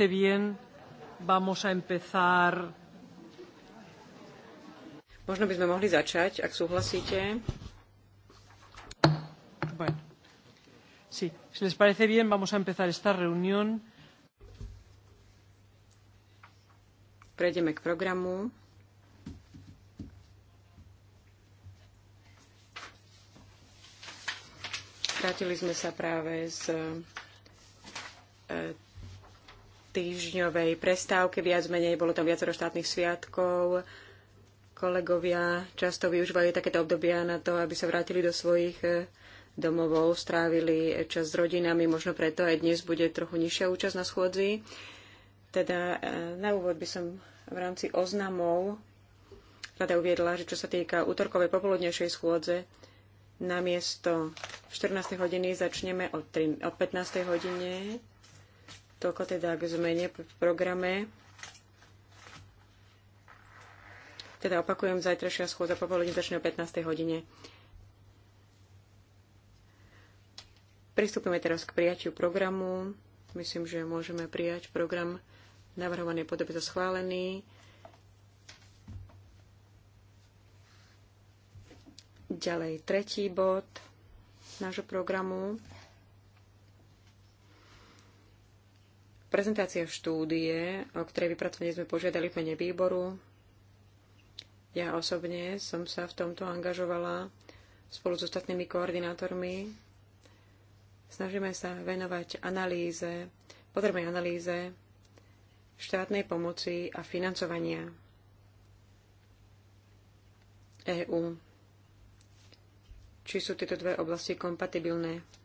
esté bien, vamos a empezar. Možno by sme mohli začať, ak súhlasíte. Bueno. Sí, si les parece bien, vamos a empezar esta reunión. Prejdeme k programu. Vrátili sme sa práve z e, týždňovej prestávke, viac menej, bolo tam viacero štátnych sviatkov. Kolegovia často využívajú takéto obdobia na to, aby sa vrátili do svojich e, domovov, strávili čas s rodinami, možno preto aj dnes bude trochu nižšia účasť na schôdzi. Teda e, na úvod by som v rámci oznamov rada uviedla, že čo sa týka útorkovej popoludnejšej schôdze, namiesto 14. hodiny začneme o, 3, 15. hodine Toľko teda k zmene v programe. Teda opakujem, zajtrajšia schôdza popoludní začne o 15. hodine. Pristúpime teraz k prijatiu programu. Myslím, že môžeme prijať program navrhovanej podobe za schválený. Ďalej tretí bod nášho programu. Prezentácia štúdie, o ktorej vypracovanie sme požiadali v mene výboru. Ja osobne som sa v tomto angažovala spolu s ostatnými koordinátormi. Snažíme sa venovať analýze, potrebnej analýze štátnej pomoci a financovania EÚ. Či sú tieto dve oblasti kompatibilné?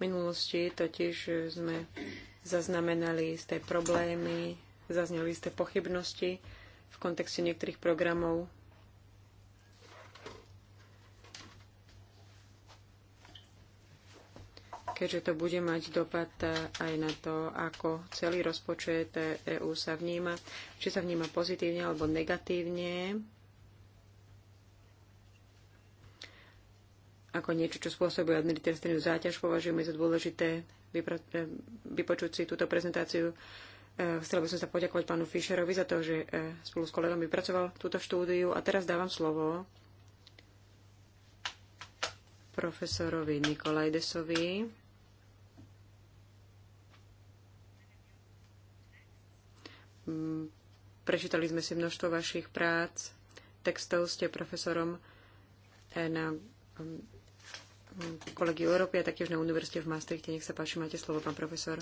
minulosti totiž sme zaznamenali isté problémy, zazneli isté pochybnosti v kontexte niektorých programov. Keďže to bude mať dopad aj na to, ako celý rozpočet EÚ sa vníma, či sa vníma pozitívne alebo negatívne, ako niečo, čo spôsobuje administratívnu záťaž, považujeme za dôležité e, vypočuť si túto prezentáciu. E, chcela by som sa poďakovať pánu Fischerovi za to, že e, spolu s kolegom vypracoval túto štúdiu. A teraz dávam slovo profesorovi Nikolajdesovi. Mm, prečítali sme si množstvo vašich prác, textov ste profesorom na kolegiu Európy a taktiež na univerzite v Maastrichte. Nech sa páči, máte slovo, pán profesor.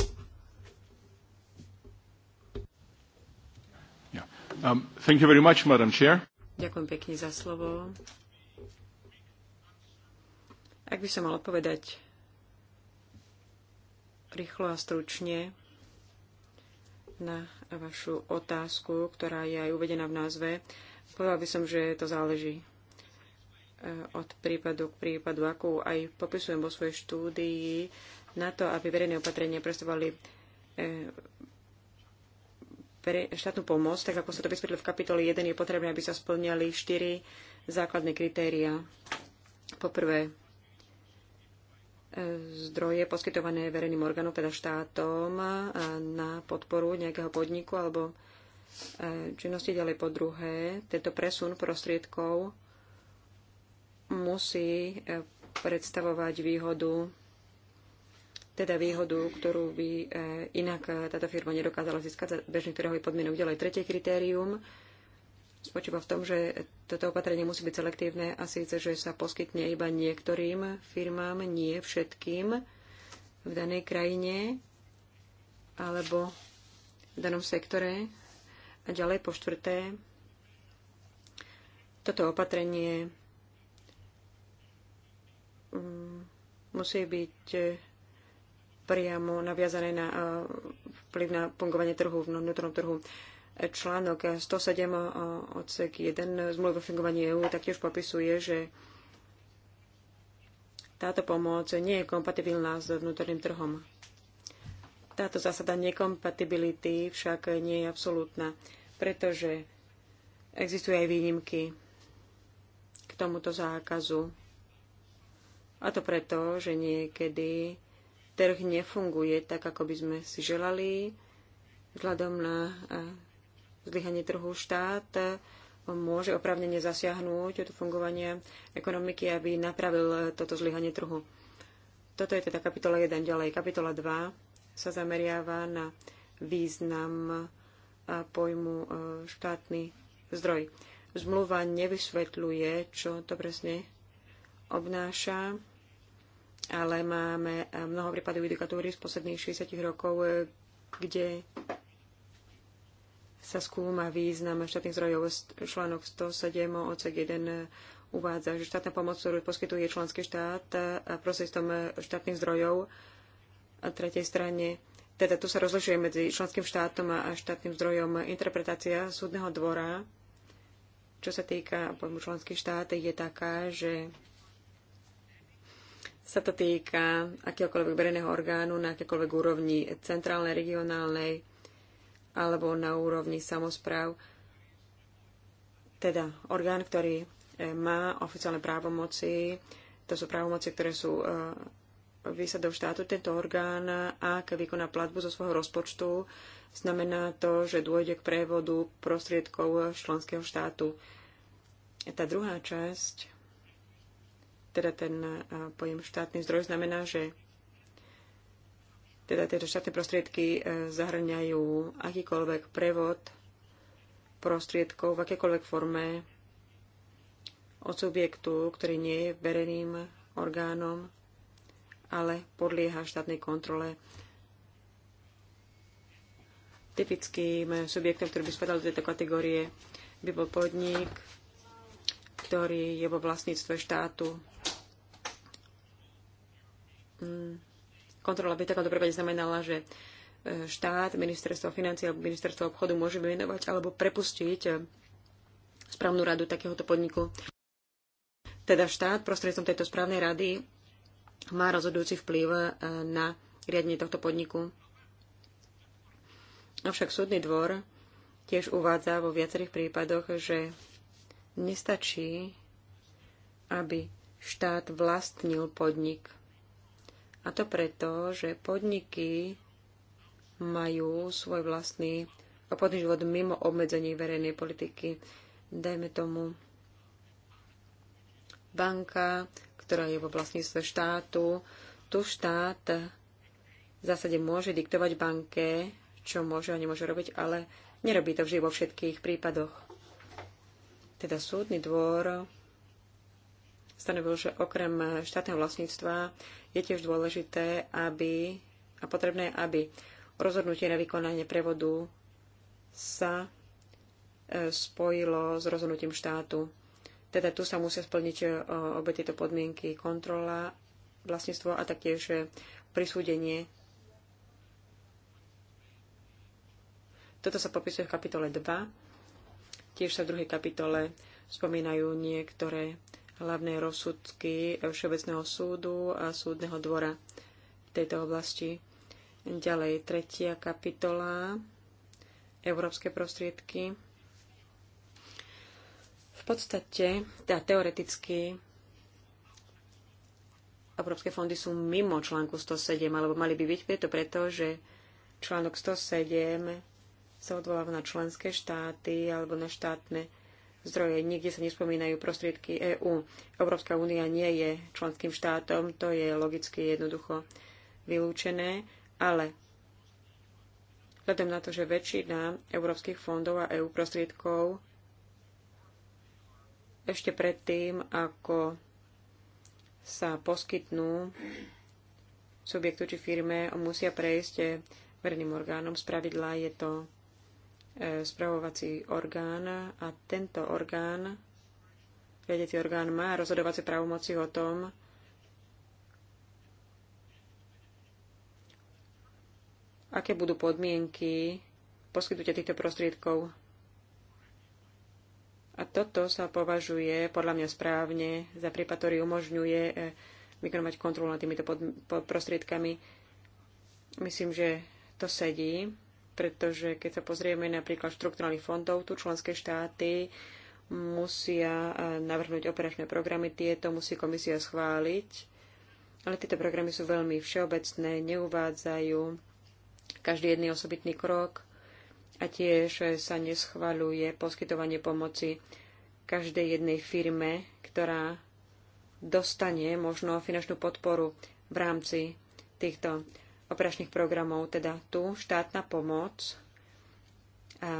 Yeah. Um, thank you very much, Madam Chair. Ďakujem pekne za slovo. Ak by som mal odpovedať rýchlo a stručne na vašu otázku, ktorá je aj uvedená v názve, povedal by som, že to záleží od prípadu k prípadu, ako aj popisujem vo svojej štúdii, na to, aby verejné opatrenia predstavovali e, štátnu pomoc, tak ako sa to vysvetlilo v kapitole 1, je potrebné, aby sa splňali štyri základné kritéria. Poprvé, e, zdroje poskytované verejným orgánom, teda štátom, e, na podporu nejakého podniku alebo činnosti ďalej po druhé, tento presun prostriedkov musí e, predstavovať výhodu, teda výhodu, ktorú by e, inak e, táto firma nedokázala získať za bežných trhových podmienok. Ďalej tretie kritérium spočíva v tom, že toto opatrenie musí byť selektívne a síce, že sa poskytne iba niektorým firmám, nie všetkým v danej krajine alebo v danom sektore. A ďalej po štvrté, toto opatrenie Mm, musí byť e, priamo naviazané na e, vplyv na fungovanie trhu, v vnútornom trhu. E, článok 107 odsek 1 zmluvy o fungovaní EÚ taktiež popisuje, že táto pomoc nie je kompatibilná s vnútorným trhom. Táto zásada nekompatibility však nie je absolútna, pretože existujú aj výnimky k tomuto zákazu a to preto, že niekedy trh nefunguje tak, ako by sme si želali. Vzhľadom na eh, zlyhanie trhu štát eh, môže opravnene zasiahnuť od fungovania ekonomiky, aby napravil eh, toto zlyhanie trhu. Toto je teda kapitola 1 ďalej. Kapitola 2 sa zameriava na význam pojmu štátny zdroj. Zmluva nevysvetľuje, čo to presne obnáša ale máme mnoho prípadov judikatúry z posledných 60 rokov, kde sa skúma význam štátnych zdrojov. Článok 107 odsek 1 uvádza, že štátna pomoc, ktorú poskytuje členský štát prostredstvom štátnych zdrojov a tretej strane. Teda tu sa rozlišuje medzi členským štátom a štátnym zdrojom interpretácia súdneho dvora, čo sa týka pojmu členský štát, je taká, že sa to týka akéhokoľvek verejného orgánu na akékoľvek úrovni centrálnej, regionálnej alebo na úrovni samozpráv. Teda orgán, ktorý e, má oficiálne právomoci, to sú právomoci, ktoré sú e, výsadou štátu, tento orgán, ak vykoná platbu zo svojho rozpočtu, znamená to, že dôjde k prevodu prostriedkov členského štátu. Tá druhá časť teda ten e, pojem štátny zdroj znamená, že teda tieto štátne prostriedky e, zahrňajú akýkoľvek prevod prostriedkov v akékoľvek forme od subjektu, ktorý nie je verejným orgánom, ale podlieha štátnej kontrole. Typickým subjektom, ktorý by spadal do tejto kategórie, by bol podnik, ktorý je vo vlastníctve štátu Mm, kontrola by v takomto prípade znamenala, že e, štát, ministerstvo financí alebo ministerstvo obchodu môže vymenovať alebo prepustiť e, správnu radu takéhoto podniku. Teda štát prostredstvom tejto správnej rady má rozhodujúci vplyv e, na riadenie tohto podniku. Avšak súdny dvor tiež uvádza vo viacerých prípadoch, že nestačí, aby štát vlastnil podnik a to preto, že podniky majú svoj vlastný obchodný život mimo obmedzení verejnej politiky. Dajme tomu banka, ktorá je vo vlastníctve štátu. Tu štát v zásade môže diktovať banke, čo môže a nemôže robiť, ale nerobí to vždy vo všetkých prípadoch. Teda súdny dvor stanovil, že okrem štátneho vlastníctva je tiež dôležité, aby a potrebné, aby rozhodnutie na vykonanie prevodu sa e, spojilo s rozhodnutím štátu. Teda tu sa musia splniť e, obe tieto podmienky kontrola, vlastníctvo a taktiež e, prisúdenie. Toto sa popisuje v kapitole 2. Tiež sa v druhej kapitole spomínajú niektoré hlavné rozsudky Všeobecného súdu a súdneho dvora v tejto oblasti. Ďalej, tretia kapitola, európske prostriedky. V podstate, teda teoreticky, európske fondy sú mimo článku 107, alebo mali by byť preto, pretože článok 107 sa odvoláva na členské štáty alebo na štátne zdroje. Nikde sa nespomínajú prostriedky EÚ. Európska únia nie je členským štátom, to je logicky jednoducho vylúčené, ale vzhľadom na to, že väčšina európskych fondov a EÚ prostriedkov ešte predtým, ako sa poskytnú subjektu či firme, musia prejsť verejným orgánom. Spravidla je to spravovací orgán a tento orgán, riadiaci orgán, má rozhodovacie právomoci o tom, aké budú podmienky poskytnutia týchto prostriedkov. A toto sa považuje podľa mňa správne za prípad, ktorý umožňuje e, vykonovať kontrolu nad týmito prostriedkami. Myslím, že to sedí pretože keď sa pozrieme napríklad štrukturálnych fondov, tu členské štáty musia eh, navrhnúť operačné programy, tieto musí komisia schváliť, ale tieto programy sú veľmi všeobecné, neuvádzajú každý jedný osobitný krok a tiež sa neschvaľuje poskytovanie pomoci každej jednej firme, ktorá dostane možno finančnú podporu v rámci týchto operačných programov, teda tu štátna pomoc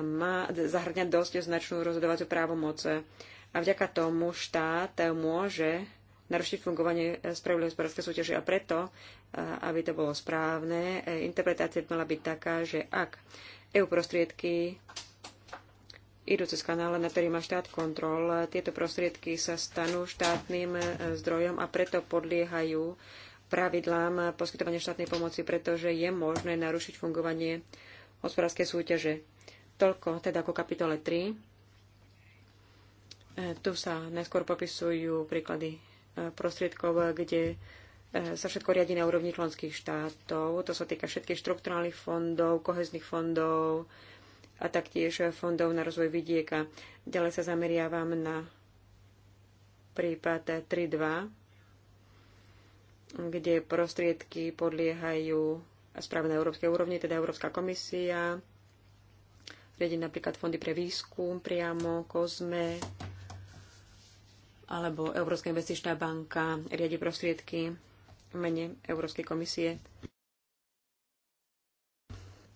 má zahrňať dosť značnú rozhodovaciu právomoce a vďaka tomu štát môže narušiť fungovanie spravodlivej hospodárskej súťaže a preto, aby to bolo správne, e, interpretácia by mala byť taká, že ak EU prostriedky idú cez kanále, na ktorý má štát kontrol, tieto prostriedky sa stanú štátnym e, zdrojom a preto podliehajú pravidlám poskytovania štátnej pomoci, pretože je možné narušiť fungovanie hospodárskej súťaže. Toľko teda ako kapitole 3. E, tu sa najskôr popisujú príklady e, prostriedkov, kde e, sa všetko riadi na úrovni členských štátov. To sa týka všetkých štrukturálnych fondov, kohezných fondov a taktiež fondov na rozvoj vidieka. Ďalej sa zameriavam na prípad kde prostriedky podliehajú správe na európskej úrovni, teda Európska komisia, riadiť napríklad fondy pre výskum priamo, COSME, alebo Európska investičná banka riadi prostriedky v mene Európskej komisie.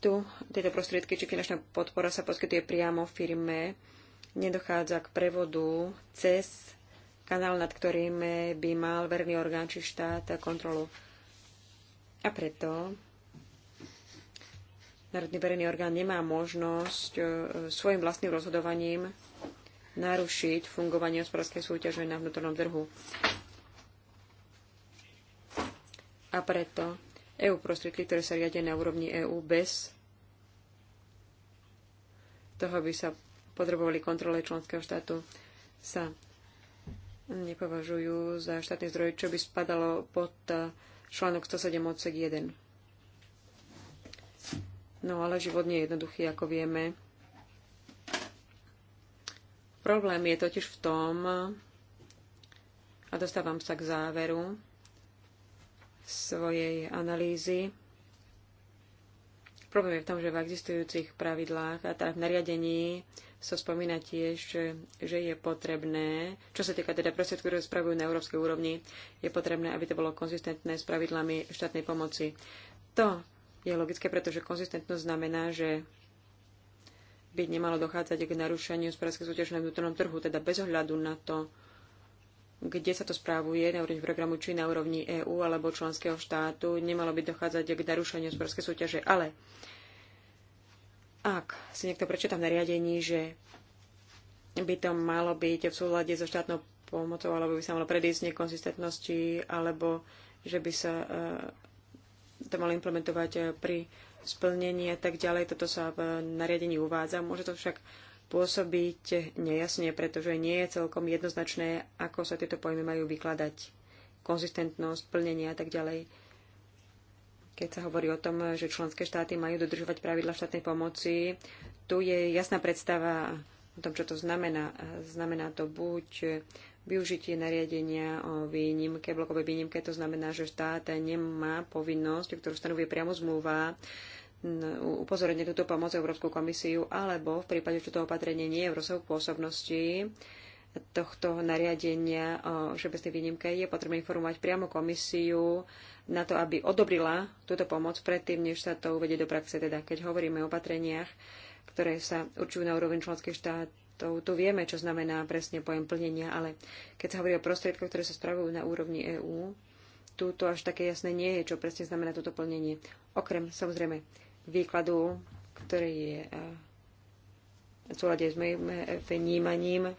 Tu tieto prostriedky či finančná podpora sa poskytuje priamo firme. Nedochádza k prevodu cez kanál, nad ktorým by mal verný orgán či štát kontrolu. A preto Národný verejný orgán nemá možnosť e, svojim vlastným rozhodovaním narušiť fungovanie hospodárskej súťaže na vnútornom trhu. A preto EU prostriedky, ktoré sa riadia na úrovni EU bez toho, aby sa podrobovali kontrole členského štátu, sa nepovažujú za štátny zdroj, čo by spadalo pod e, článok 107 odsek 1. No ale život nie je jednoduchý, ako vieme. Problém je totiž v tom, a dostávam sa k záveru svojej analýzy, Problém je v tom, že v existujúcich pravidlách, a teda v nariadení sa spomína tiež, že je potrebné, čo sa týka teda prostriedkov, ktoré spravujú na európskej úrovni, je potrebné, aby to bolo konzistentné s pravidlami štátnej pomoci. To je logické, pretože konzistentnosť znamená, že by nemalo dochádzať k narušeniu hospodárskej súťaže na vnútornom trhu, teda bez ohľadu na to, kde sa to správuje na úrovni programu či na úrovni EÚ alebo členského štátu, nemalo by dochádzať k narušeniu hospodárskej súťaže. Ale ak si niekto prečíta v nariadení, že by to malo byť v súhľade so štátnou pomocou, alebo by sa malo predísť nekonzistentnosti, alebo že by sa e, to malo implementovať e, pri splnení a tak ďalej. Toto sa v nariadení uvádza. Môže to však pôsobiť nejasne, pretože nie je celkom jednoznačné, ako sa tieto pojmy majú vykladať. Konzistentnosť, plnenie a tak ďalej keď sa hovorí o tom, že členské štáty majú dodržovať pravidla štátnej pomoci, tu je jasná predstava o tom, čo to znamená. Znamená to buď využitie nariadenia o výnimke, blokovej výnimke, to znamená, že štát nemá povinnosť, ktorú stanovuje priamo zmluva, upozorenie túto pomoc Európsku komisiu, alebo v prípade, že toto opatrenie nie je v rozsahu pôsobnosti, tohto nariadenia o všeobecnej výnimke je potrebné informovať priamo komisiu na to, aby odobrila túto pomoc predtým, než sa to uvedie do praxe. Teda keď hovoríme o opatreniach, ktoré sa určujú na úroveň členských štátov, tu vieme, čo znamená presne pojem plnenia, ale keď sa hovorí o prostriedkoch, ktoré sa spravujú na úrovni EÚ, tu to až také jasné nie je, čo presne znamená toto plnenie. Okrem samozrejme výkladu, ktorý je eh, v súlade s mojim eh, vnímaním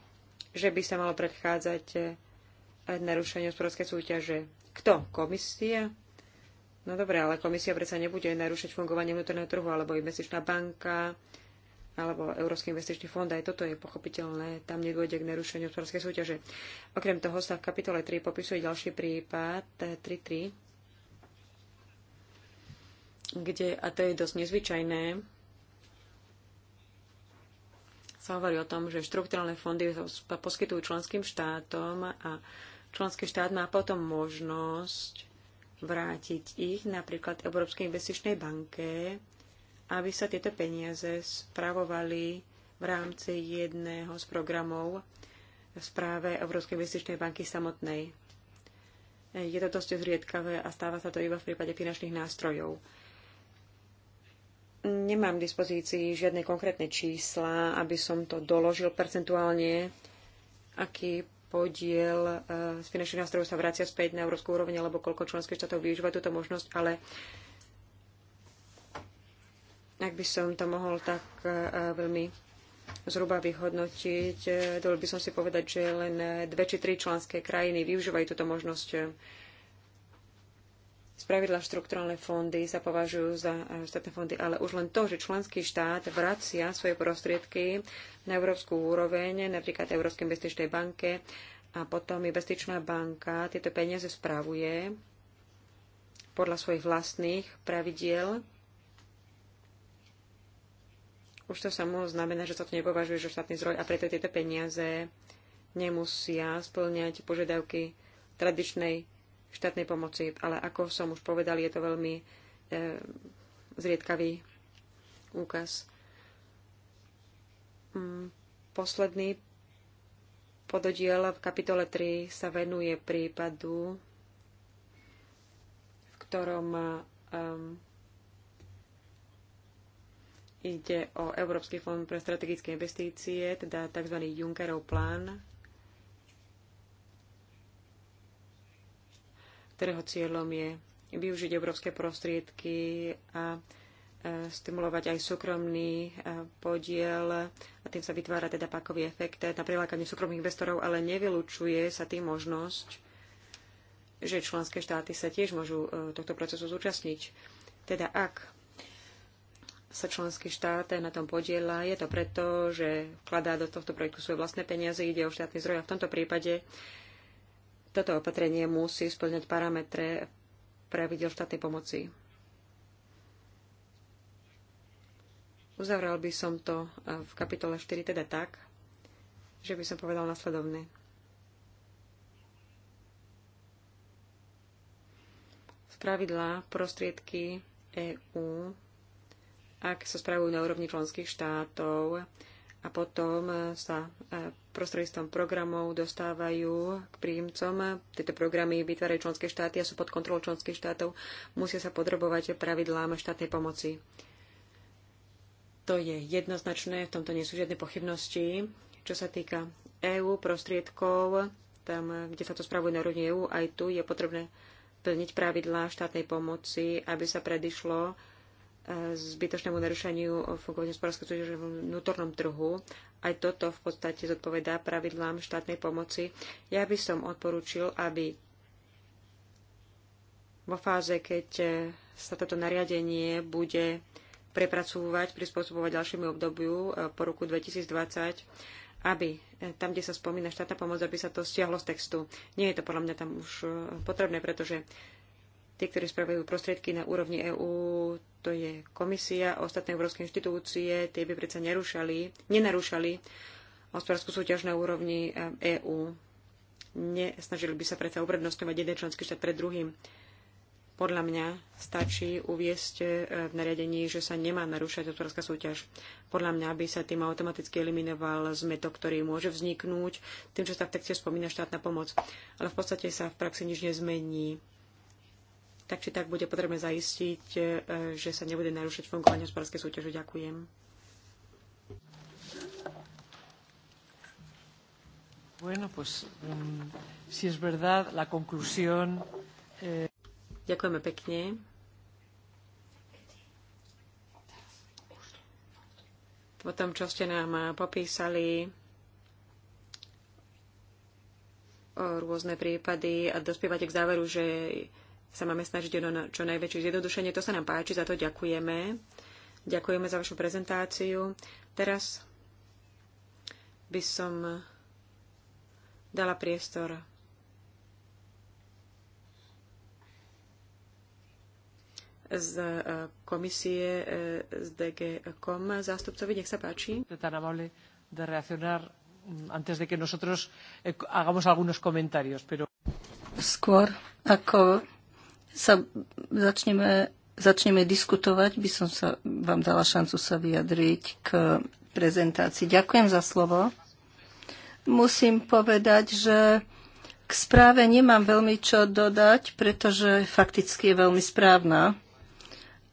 že by sa malo predchádzať eh, narušeniu hospodárskej súťaže. Kto? Komisia? No dobre, ale komisia predsa nebude narušať fungovanie vnútorného trhu, alebo investičná banka, alebo Európsky investičný fond, aj toto je pochopiteľné, tam nedôjde k narušeniu hospodárskej súťaže. Okrem toho sa v kapitole 3 popisuje ďalší prípad 3.3, eh, kde, a to je dosť nezvyčajné, sa hovorí o tom, že štrukturálne fondy sa poskytujú členským štátom a členský štát má potom možnosť vrátiť ich napríklad Európskej investičnej banke, aby sa tieto peniaze spravovali v rámci jedného z programov v správe Európskej investičnej banky samotnej. Je to dosť zriedkavé a stáva sa to iba v prípade finančných nástrojov. Nemám k dispozícii žiadne konkrétne čísla, aby som to doložil percentuálne, aký podiel e, z finančných nástrojov sa vracia späť na európsku úroveň, alebo koľko členských štátov využíva túto možnosť, ale ak by som to mohol tak e, e, veľmi zhruba vyhodnotiť, dovol by som si povedať, že len dve či tri členské krajiny využívajú túto možnosť Spravidla štrukturálne fondy sa považujú za e, štátne fondy, ale už len to, že členský štát vracia svoje prostriedky na európsku úroveň, napríklad Európskej investičnej banke, a potom investičná banka tieto peniaze spravuje podľa svojich vlastných pravidiel. Už to samo znamená, že sa to nepovažuje za štátny zdroj a preto tieto peniaze nemusia splňať požiadavky tradičnej štátnej pomoci, ale ako som už povedal, je to veľmi e, zriedkavý úkaz. Mm, posledný pododiel v kapitole 3 sa venuje prípadu, v ktorom um, ide o Európsky fond pre strategické investície, teda tzv. Junckerov plán ktorého cieľom je využiť európske prostriedky a e, stimulovať aj súkromný e, podiel a tým sa vytvára teda pakový efekt na prilákanie súkromných investorov, ale nevylučuje sa tým možnosť, že členské štáty sa tiež môžu e, tohto procesu zúčastniť. Teda ak sa členský štát na tom podiela, je to preto, že vkladá do tohto projektu svoje vlastné peniaze, ide o štátny zdroj a v tomto prípade toto opatrenie musí splňať parametre pravidel štátnej pomoci. Uzavral by som to eh, v kapitole 4 teda tak, že by som povedal nasledovné. Spravidla prostriedky EÚ, ak sa spravujú na úrovni členských štátov a potom sa eh, prostredstvom programov dostávajú k príjemcom. Tieto programy vytvárajú členské štáty a sú pod kontrolou členských štátov. Musia sa podrobovať pravidlám štátnej pomoci. To je jednoznačné, v tomto nie sú žiadne pochybnosti. Čo sa týka EÚ prostriedkov, tam, kde sa to spravuje na úrovni EÚ, aj tu je potrebné plniť pravidlá štátnej pomoci, aby sa predišlo e, zbytočnému narušeniu fungovania hospodárskej súťaže v vnútornom trhu aj toto v podstate zodpovedá pravidlám štátnej pomoci. Ja by som odporučil, aby vo fáze, keď e, sa toto nariadenie bude prepracúvať, prispôsobovať ďalšiemu obdobiu e, po roku 2020, aby e, tam, kde sa spomína štátna pomoc, aby sa to stiahlo z textu. Nie je to podľa mňa tam už potrebné, pretože Tí, ktorí spravujú prostriedky na úrovni EÚ, to je komisia a ostatné európske inštitúcie, tie by predsa nerušali, nenarúšali hospodárskú súťaž na úrovni EÚ. Eh, e Nesnažili by sa predsa uprednostňovať jeden členský štát pred druhým. Podľa mňa stačí uviesť eh, v nariadení, že sa nemá narúšať hospodárska súťaž. Podľa mňa by sa tým automaticky eliminoval zmetok, ktorý môže vzniknúť tým, že sa v texte spomína štátna pomoc. Ale v podstate sa v praxi nič nezmení tak či tak bude potrebné zaistiť, e, že sa nebude narušiť fungovanie hospodárskej súťaže. Ďakujem. Bueno, pues, um, si es verdad, la conclusión... Eh... Ďakujeme pekne. Po tom, čo ste nám popísali o rôzne prípady a dospievate k záveru, že sa máme snažiť o čo najväčšie zjednodušenie. To sa nám páči, za to ďakujeme. Ďakujeme za vašu prezentáciu. Teraz by som dala priestor z e, komisie e, z DG.com zástupcovi. Nech sa páči. de reaccionar mm, antes de que nosotros eh, hagamos algunos comentarios. Pero... Skôr ako sa začneme, začneme diskutovať, by som sa, vám dala šancu sa vyjadriť k prezentácii. Ďakujem za slovo. Musím povedať, že k správe nemám veľmi čo dodať, pretože fakticky je veľmi správna.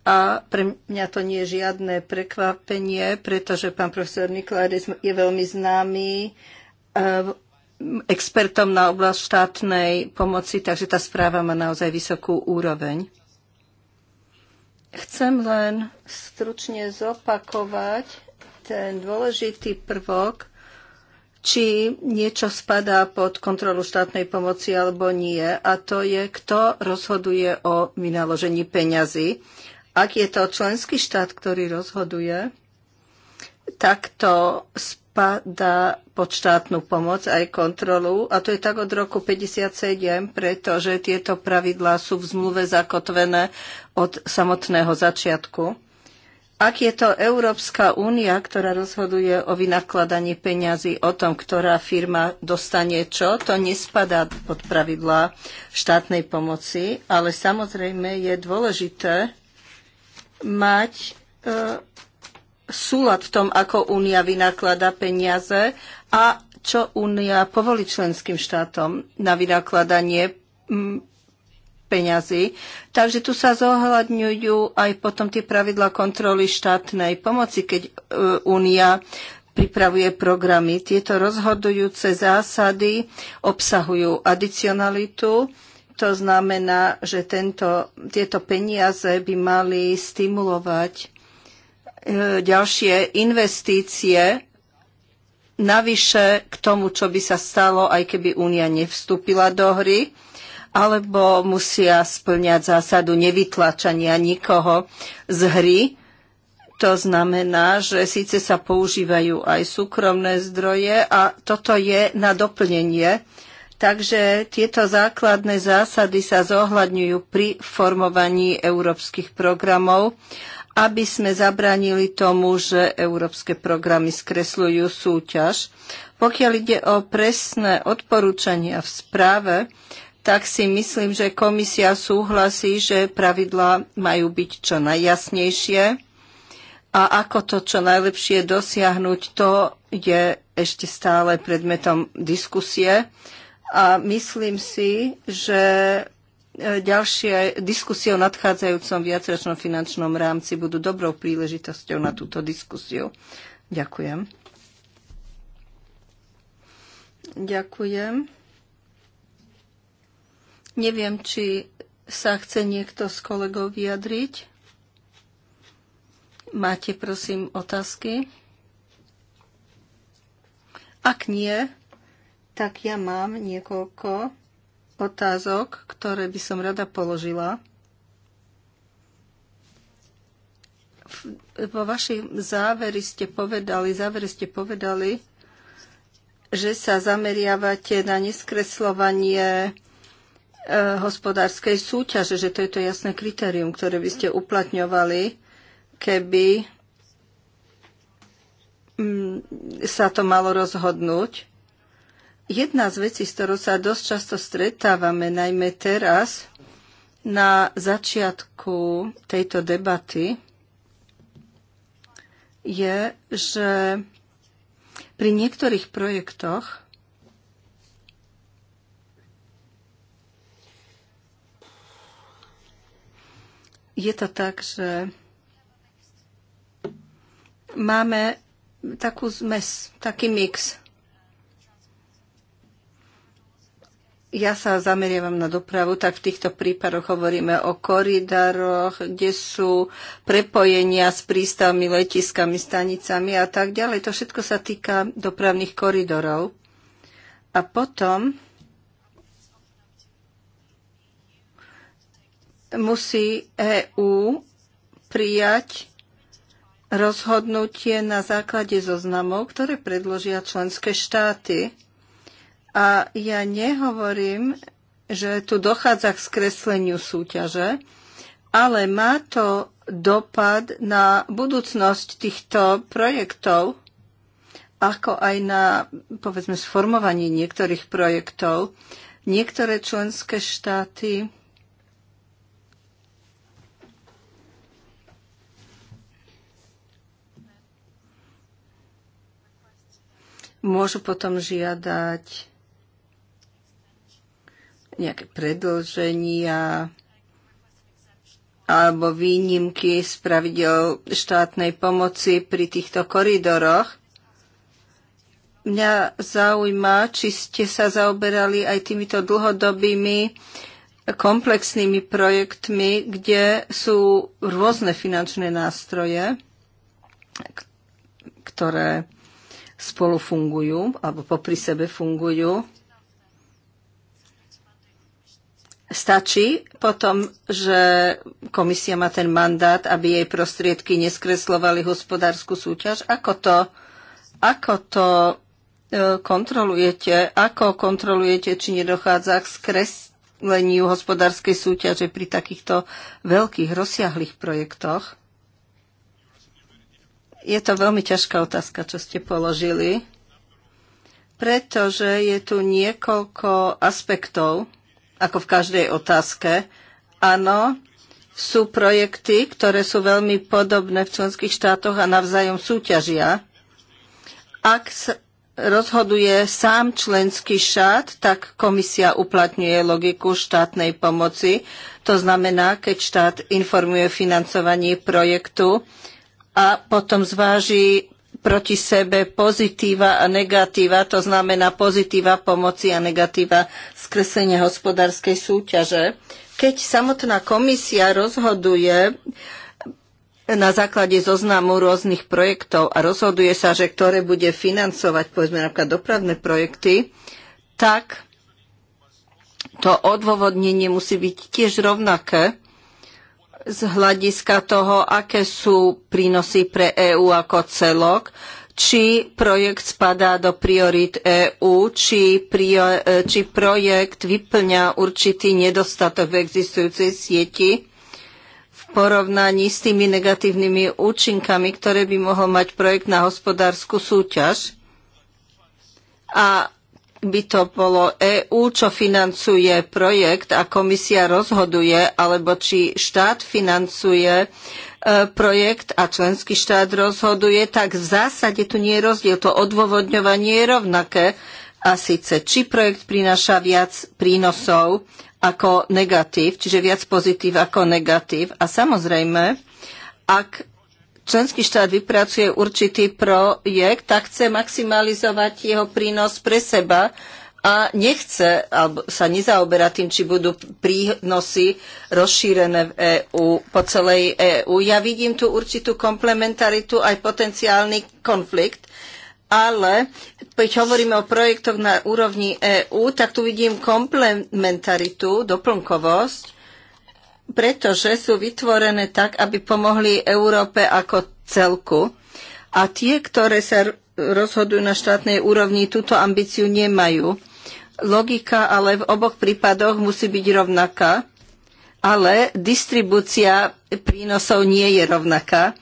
A pre mňa to nie je žiadne prekvapenie, pretože pán profesor Nikolajdes je veľmi známy eh, expertom na oblasť štátnej pomoci, takže tá správa má naozaj vysokú úroveň. Chcem len stručne zopakovať ten dôležitý prvok, či niečo spadá pod kontrolu štátnej pomoci alebo nie. A to je, kto rozhoduje o vynaložení peňazí. Ak je to členský štát, ktorý rozhoduje, tak to spadá dá pod štátnu pomoc aj kontrolu a to je tak od roku 57, pretože tieto pravidlá sú v zmluve zakotvené od samotného začiatku. Ak je to Európska únia, ktorá rozhoduje o vynakladaní peňazí, o tom, ktorá firma dostane čo, to nespadá pod pravidlá štátnej pomoci, ale samozrejme je dôležité mať e, súlad v tom, ako Únia vynaklada peniaze a čo Únia povolí členským štátom na vynakladanie mm, peňazí. Takže tu sa zohľadňujú aj potom tie pravidla kontroly štátnej pomoci, keď e, Únia pripravuje programy. Tieto rozhodujúce zásady obsahujú adicionalitu, to znamená, že tento, tieto peniaze by mali stimulovať E, ďalšie investície navyše k tomu, čo by sa stalo, aj keby Únia nevstúpila do hry, alebo musia splňať zásadu nevytlačania nikoho z hry. To znamená, že síce sa používajú aj súkromné zdroje a toto je na doplnenie. Takže tieto základné zásady sa zohľadňujú pri formovaní európskych programov aby sme zabránili tomu, že európske programy skresľujú súťaž. Pokiaľ ide o presné odporúčania v správe, tak si myslím, že komisia súhlasí, že pravidlá majú byť čo najjasnejšie a ako to čo najlepšie dosiahnuť, to je ešte stále predmetom diskusie a myslím si, že E, ďalšie diskusie o nadchádzajúcom viacročnom finančnom rámci budú dobrou príležitosťou na túto diskusiu. Ďakujem. Ďakujem. Neviem, či sa chce niekto z kolegov vyjadriť. Máte, prosím, otázky? Ak nie, tak ja mám niekoľko otázok, ktoré by som rada položila. Vo vašich záveri ste povedali, závere ste povedali, že sa zameriavate na neskreslovanie e, hospodárskej súťaže, že to je to jasné kritérium, ktoré by ste uplatňovali, keby mm, sa to malo rozhodnúť. Jedna z vecí, s ktorou sa dosť často stretávame, najmä teraz, na začiatku tejto debaty, je, že pri niektorých projektoch je to tak, že máme takú zmes, taký mix ja sa zameriavam na dopravu, tak v týchto prípadoch hovoríme o koridoroch, kde sú prepojenia s prístavmi, letiskami, stanicami a tak ďalej. To všetko sa týka dopravných koridorov. A potom musí EÚ prijať rozhodnutie na základe zoznamov, ktoré predložia členské štáty a ja nehovorím, že tu dochádza k skresleniu súťaže, ale má to dopad na budúcnosť týchto projektov, ako aj na, povedzme, sformovanie niektorých projektov. Niektoré členské štáty môžu potom žiadať nejaké predlženia alebo výnimky z pravidel štátnej pomoci pri týchto koridoroch. Mňa zaujíma, či ste sa zaoberali aj týmito dlhodobými komplexnými projektmi, kde sú rôzne finančné nástroje, ktoré spolu fungujú alebo popri sebe fungujú. Stačí potom, že komisia má ten mandát, aby jej prostriedky neskreslovali hospodárskú súťaž? Ako to, ako to e, kontrolujete? Ako kontrolujete, či nedochádza k skresleniu hospodárskej súťaže pri takýchto veľkých, rozsiahlých projektoch? Je to veľmi ťažká otázka, čo ste položili, pretože je tu niekoľko aspektov, ako v každej otázke. Áno, sú projekty, ktoré sú veľmi podobné v členských štátoch a navzájom súťažia. Ak sa rozhoduje sám členský štát, tak komisia uplatňuje logiku štátnej pomoci. To znamená, keď štát informuje o financovaní projektu a potom zváži proti sebe pozitíva a negatíva, to znamená pozitíva pomoci a negatíva skresenia hospodárskej súťaže. Keď samotná komisia rozhoduje na základe zoznamu rôznych projektov a rozhoduje sa, že ktoré bude financovať, povedzme napríklad dopravné projekty, tak to odôvodnenie musí byť tiež rovnaké z hľadiska toho, aké sú prínosy pre EÚ ako celok, či projekt spadá do priorit EÚ, či, e, či projekt vyplňa určitý nedostatok v existujúcej sieti v porovnaní s tými negatívnymi účinkami, ktoré by mohol mať projekt na hospodárskú súťaž. A by to bolo EÚ, čo financuje projekt a komisia rozhoduje, alebo či štát financuje e, projekt a členský štát rozhoduje, tak v zásade tu nie je rozdiel. To odôvodňovanie je rovnaké. A síce, či projekt prináša viac prínosov ako negatív, čiže viac pozitív ako negatív. A samozrejme, ak členský štát vypracuje určitý projekt, tak chce maximalizovať jeho prínos pre seba a nechce alebo sa nezaoberá tým, či budú prínosy rozšírené v EÚ, po celej EÚ. Ja vidím tu určitú komplementaritu aj potenciálny konflikt, ale keď hovoríme o projektoch na úrovni EÚ, tak tu vidím komplementaritu, doplnkovosť pretože sú vytvorené tak, aby pomohli Európe ako celku. A tie, ktoré sa rozhodujú na štátnej úrovni, túto ambíciu nemajú. Logika ale v oboch prípadoch musí byť rovnaká, ale distribúcia prínosov nie je rovnaká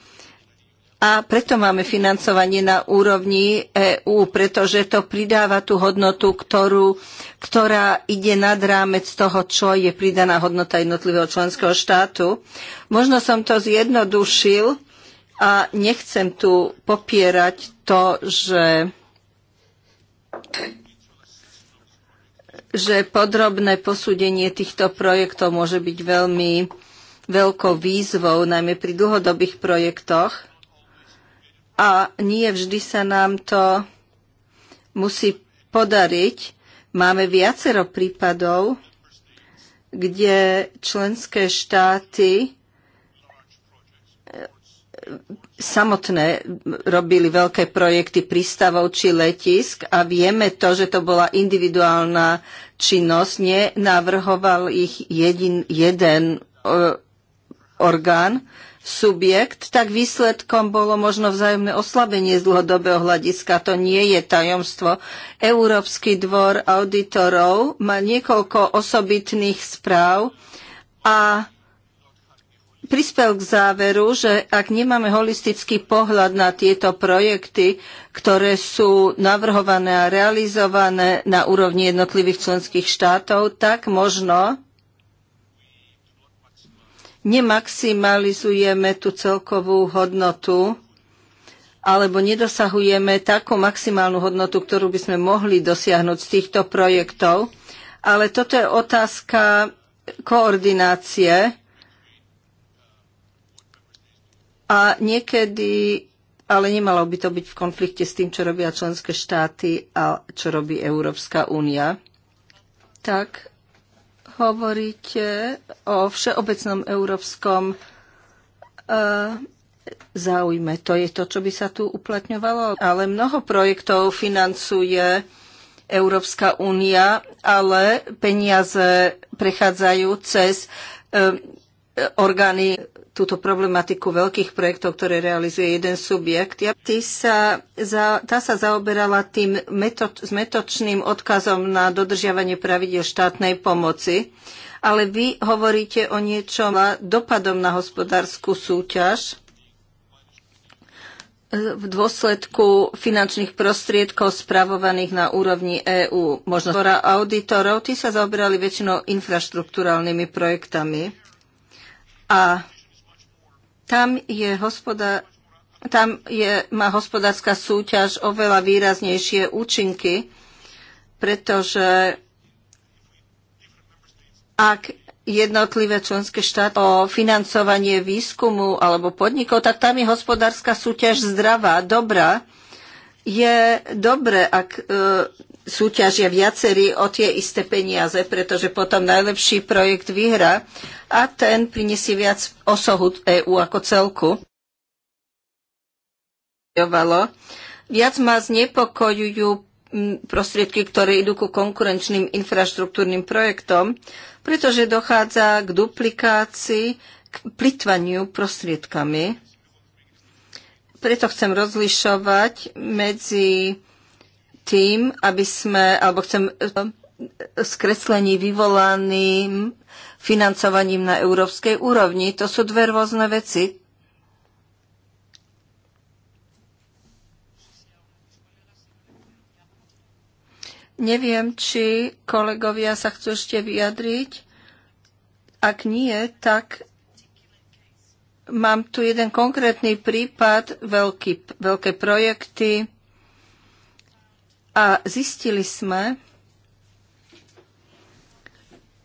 a preto máme financovanie na úrovni EÚ, pretože to pridáva tú hodnotu, ktorú, ktorá ide nad rámec toho, čo je pridaná hodnota jednotlivého členského štátu. Možno som to zjednodušil a nechcem tu popierať to, že že podrobné posúdenie týchto projektov môže byť veľmi veľkou výzvou, najmä pri dlhodobých projektoch a nie vždy sa nám to musí podariť. Máme viacero prípadov, kde členské štáty e, samotné robili veľké projekty prístavov či letisk a vieme to, že to bola individuálna činnosť, nenavrhoval ich jedin, jeden uh, orgán, subjekt, tak výsledkom bolo možno vzájomné oslabenie z dlhodobého hľadiska. To nie je tajomstvo. Európsky dvor auditorov má niekoľko osobitných správ a prispel k záveru, že ak nemáme holistický pohľad na tieto projekty, ktoré sú navrhované a realizované na úrovni jednotlivých členských štátov, tak možno nemaximalizujeme tú celkovú hodnotu alebo nedosahujeme takú maximálnu hodnotu, ktorú by sme mohli dosiahnuť z týchto projektov. Ale toto je otázka koordinácie a niekedy, ale nemalo by to byť v konflikte s tým, čo robia členské štáty a čo robí Európska únia. Tak, hovoríte o všeobecnom európskom eh, záujme. To je to, čo by sa tu uplatňovalo. Ale mnoho projektov financuje Európska únia, ale peniaze prechádzajú cez eh, orgány túto problematiku veľkých projektov, ktoré realizuje jeden subjekt. Ja, ty sa, za, tá sa zaoberala tým metod, s metočným odkazom na dodržiavanie pravidel štátnej pomoci, ale vy hovoríte o niečom dopadom na hospodárskú súťaž e, v dôsledku finančných prostriedkov spravovaných na úrovni EÚ. Možno spora auditorov, tí sa zaoberali väčšinou infraštruktúralnými projektami. A tam je hospoda, tam je, má hospodárska súťaž oveľa výraznejšie účinky, pretože ak jednotlivé členské štáty o financovanie výskumu alebo podnikov, tak tam je hospodárska súťaž zdravá, dobrá. Je dobre, ak e, súťažia viacerí o tie isté peniaze, pretože potom najlepší projekt vyhra a ten prinesie viac osohu EÚ ako celku. Viac ma znepokojujú mm, prostriedky, ktoré idú ku konkurenčným infraštruktúrnym projektom, pretože dochádza k duplikácii, k plitvaniu prostriedkami. Preto chcem rozlišovať medzi tým, aby sme, alebo chcem e, skreslení vyvolaným financovaním na európskej úrovni. To sú dve rôzne veci. Neviem, či kolegovia sa chcú ešte vyjadriť. Ak nie, tak mám tu jeden konkrétny prípad, veľký, veľké projekty, a zistili sme,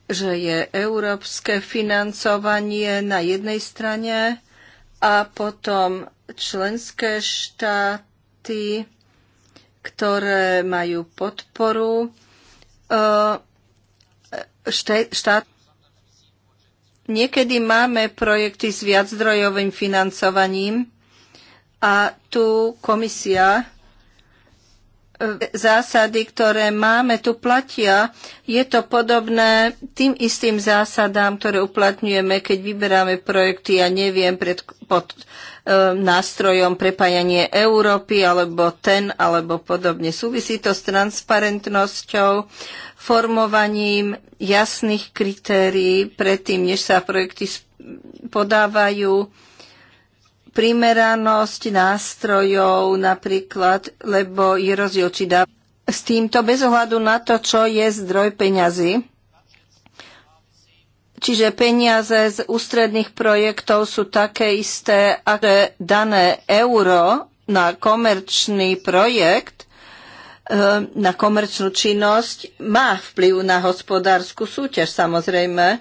že je európske financovanie na jednej strane a potom členské štáty, ktoré majú podporu e, štát. Niekedy máme projekty s viaczdrojovým financovaním a tu komisia zásady, ktoré máme, tu platia. Je to podobné tým istým zásadám, ktoré uplatňujeme, keď vyberáme projekty, ja neviem, pred, pod e, nástrojom prepájanie Európy, alebo ten, alebo podobne. Súvisí to s transparentnosťou, formovaním jasných kritérií predtým, než sa projekty podávajú primeranosť nástrojov napríklad, lebo je rozdiel, či dá s týmto bez ohľadu na to, čo je zdroj peňazí. Čiže peniaze z ústredných projektov sú také isté, ako dané euro na komerčný projekt, ehm, na komerčnú činnosť má vplyv na hospodárskú súťaž samozrejme.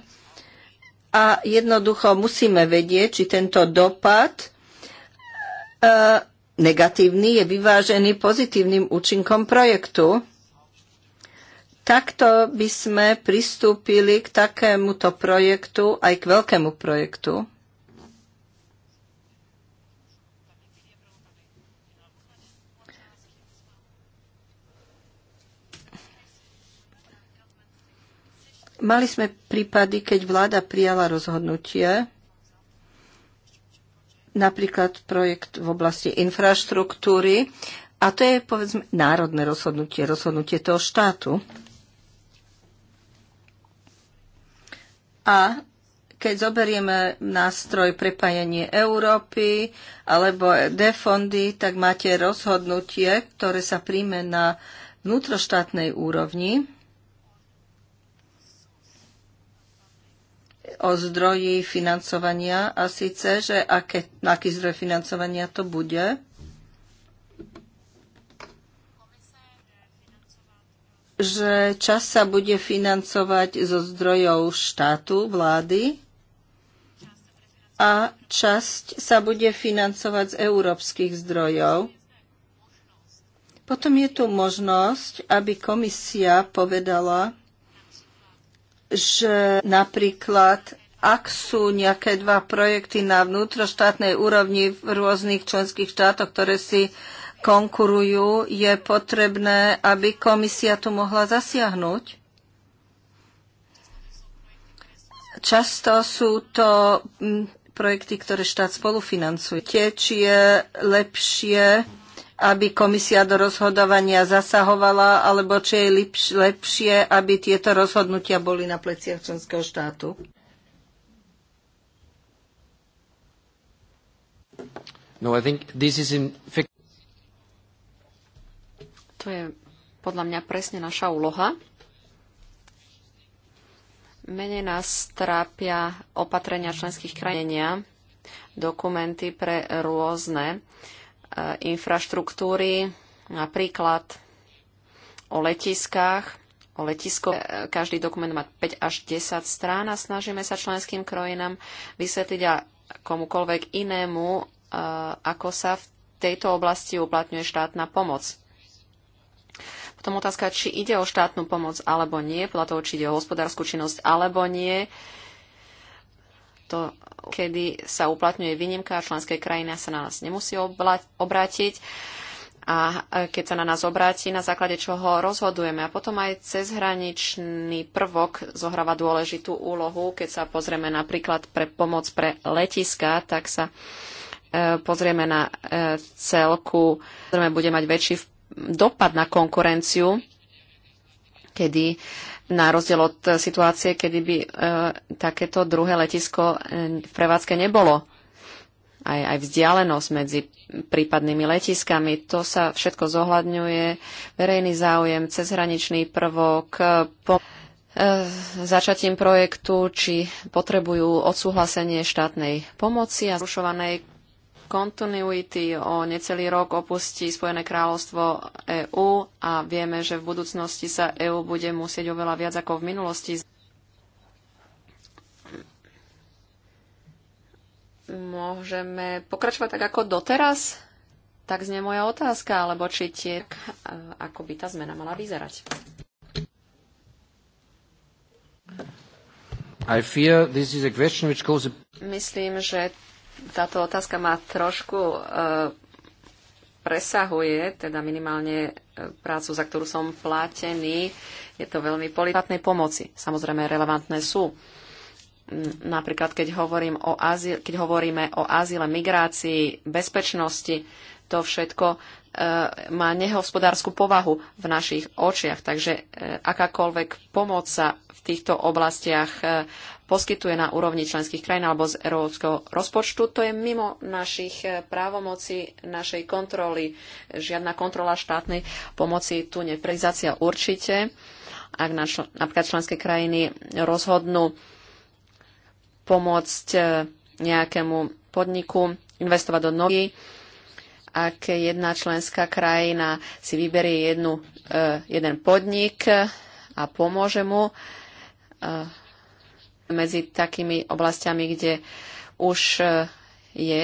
A jednoducho musíme vedieť, či tento dopad E, negatívny je vyvážený pozitívnym účinkom projektu. Takto by sme pristúpili k takémuto projektu aj k veľkému projektu. Mali sme prípady, keď vláda prijala rozhodnutie, napríklad projekt v oblasti infraštruktúry a to je povedzme národné rozhodnutie, rozhodnutie toho štátu. A keď zoberieme nástroj prepájanie Európy alebo defondy, tak máte rozhodnutie, ktoré sa príjme na vnútroštátnej úrovni o zdroji financovania a síce, že aké, aký zdroj financovania to bude. že čas sa bude financovať zo zdrojov štátu, vlády a časť sa bude financovať z európskych zdrojov. Potom je tu možnosť, aby komisia povedala, že napríklad ak sú nejaké dva projekty na vnútroštátnej úrovni v rôznych členských štátoch, ktoré si konkurujú, je potrebné, aby komisia tu mohla zasiahnuť? Často sú to mm, projekty, ktoré štát spolufinancuje. Tie, či je lepšie aby komisia do rozhodovania zasahovala, alebo či je lepš lepšie, aby tieto rozhodnutia boli na pleciach členského štátu? No, I think this is in... To je podľa mňa presne naša úloha. Menej nás trápia opatrenia členských krajenia, dokumenty pre rôzne uh, E, infraštruktúry, napríklad o letiskách, o letisko. E, každý dokument má 5 až 10 strán a snažíme sa členským krajinám vysvetliť a komukoľvek inému, e, ako sa v tejto oblasti uplatňuje štátna pomoc. Potom otázka, či ide o štátnu pomoc alebo nie, podľa toho, či ide o hospodárskú činnosť alebo nie. Uh, to, kedy sa uplatňuje výnimka a členské krajina sa na nás nemusí obrátiť a e, keď sa na nás obráti, na základe čoho rozhodujeme. A potom aj cezhraničný prvok zohráva dôležitú úlohu. Keď sa pozrieme napríklad pre pomoc pre letiska, tak sa e, pozrieme na e, celku, ktoré bude mať väčší dopad na konkurenciu, kedy na rozdiel od e, situácie, kedy by e, takéto druhé letisko e, v prevádzke nebolo. Aj, aj vzdialenosť medzi prípadnými letiskami, to sa všetko zohľadňuje. Verejný záujem, cezhraničný prvok, e, po začatím projektu, či potrebujú odsúhlasenie štátnej pomoci a zrušovanej continuity o necelý rok opustí Spojené kráľovstvo EÚ a vieme, že v budúcnosti sa EÚ bude musieť oveľa viac ako v minulosti. Môžeme pokračovať tak ako doteraz? Tak znie moja otázka, alebo či tie, ako by tá zmena mala vyzerať. I fear this is a question which goes... Myslím, že táto otázka ma trošku e, presahuje, teda minimálne e, prácu, za ktorú som platený. Je to veľmi politátnej pomoci. Samozrejme, relevantné sú. Napríklad, keď, hovorím o azyl, keď hovoríme o azyle, migrácii, bezpečnosti, to všetko e, má nehospodárskú povahu v našich očiach. Takže e, akákoľvek pomoc sa v týchto oblastiach e, poskytuje na úrovni členských krajín alebo z európskeho rozpočtu, to je mimo našich právomocí, našej kontroly. Žiadna kontrola štátnej pomoci tu neprezácia určite. Ak na čl- napríklad členské krajiny rozhodnú pomôcť nejakému podniku investovať do nových ak jedna členská krajina si vyberie jednu, eh, jeden podnik eh, a pomôže mu eh, medzi takými oblastiami, kde už je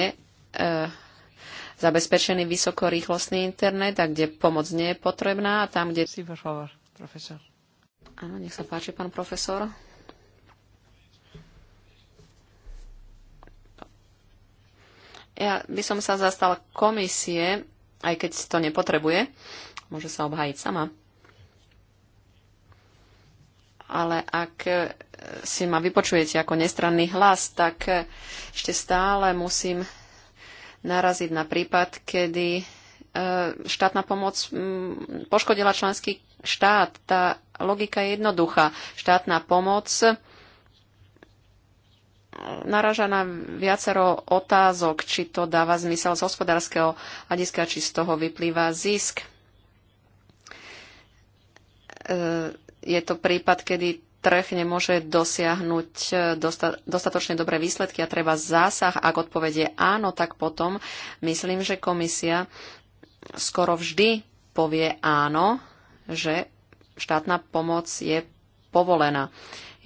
zabezpečený vysokorýchlostný internet a kde pomoc nie je potrebná a tam, kde... Áno, nech sa páči, pán profesor. Ja by som sa zastal komisie, aj keď to nepotrebuje. Môže sa obhájiť sama. Ale ak e, si ma vypočujete ako nestranný hlas, tak e, ešte stále musím naraziť na prípad, kedy e, štátna pomoc poškodila členský štát. Tá logika je jednoduchá. Štátna pomoc naráža na viacero otázok, či to dáva zmysel z hospodárskeho hľadiska, či z toho vyplýva zisk. E, je to prípad, kedy trh nemôže dosiahnuť e, dosta- dostatočne dobré výsledky a treba zásah. Ak odpovede áno, tak potom myslím, že komisia skoro vždy povie áno, že štátna pomoc je povolená.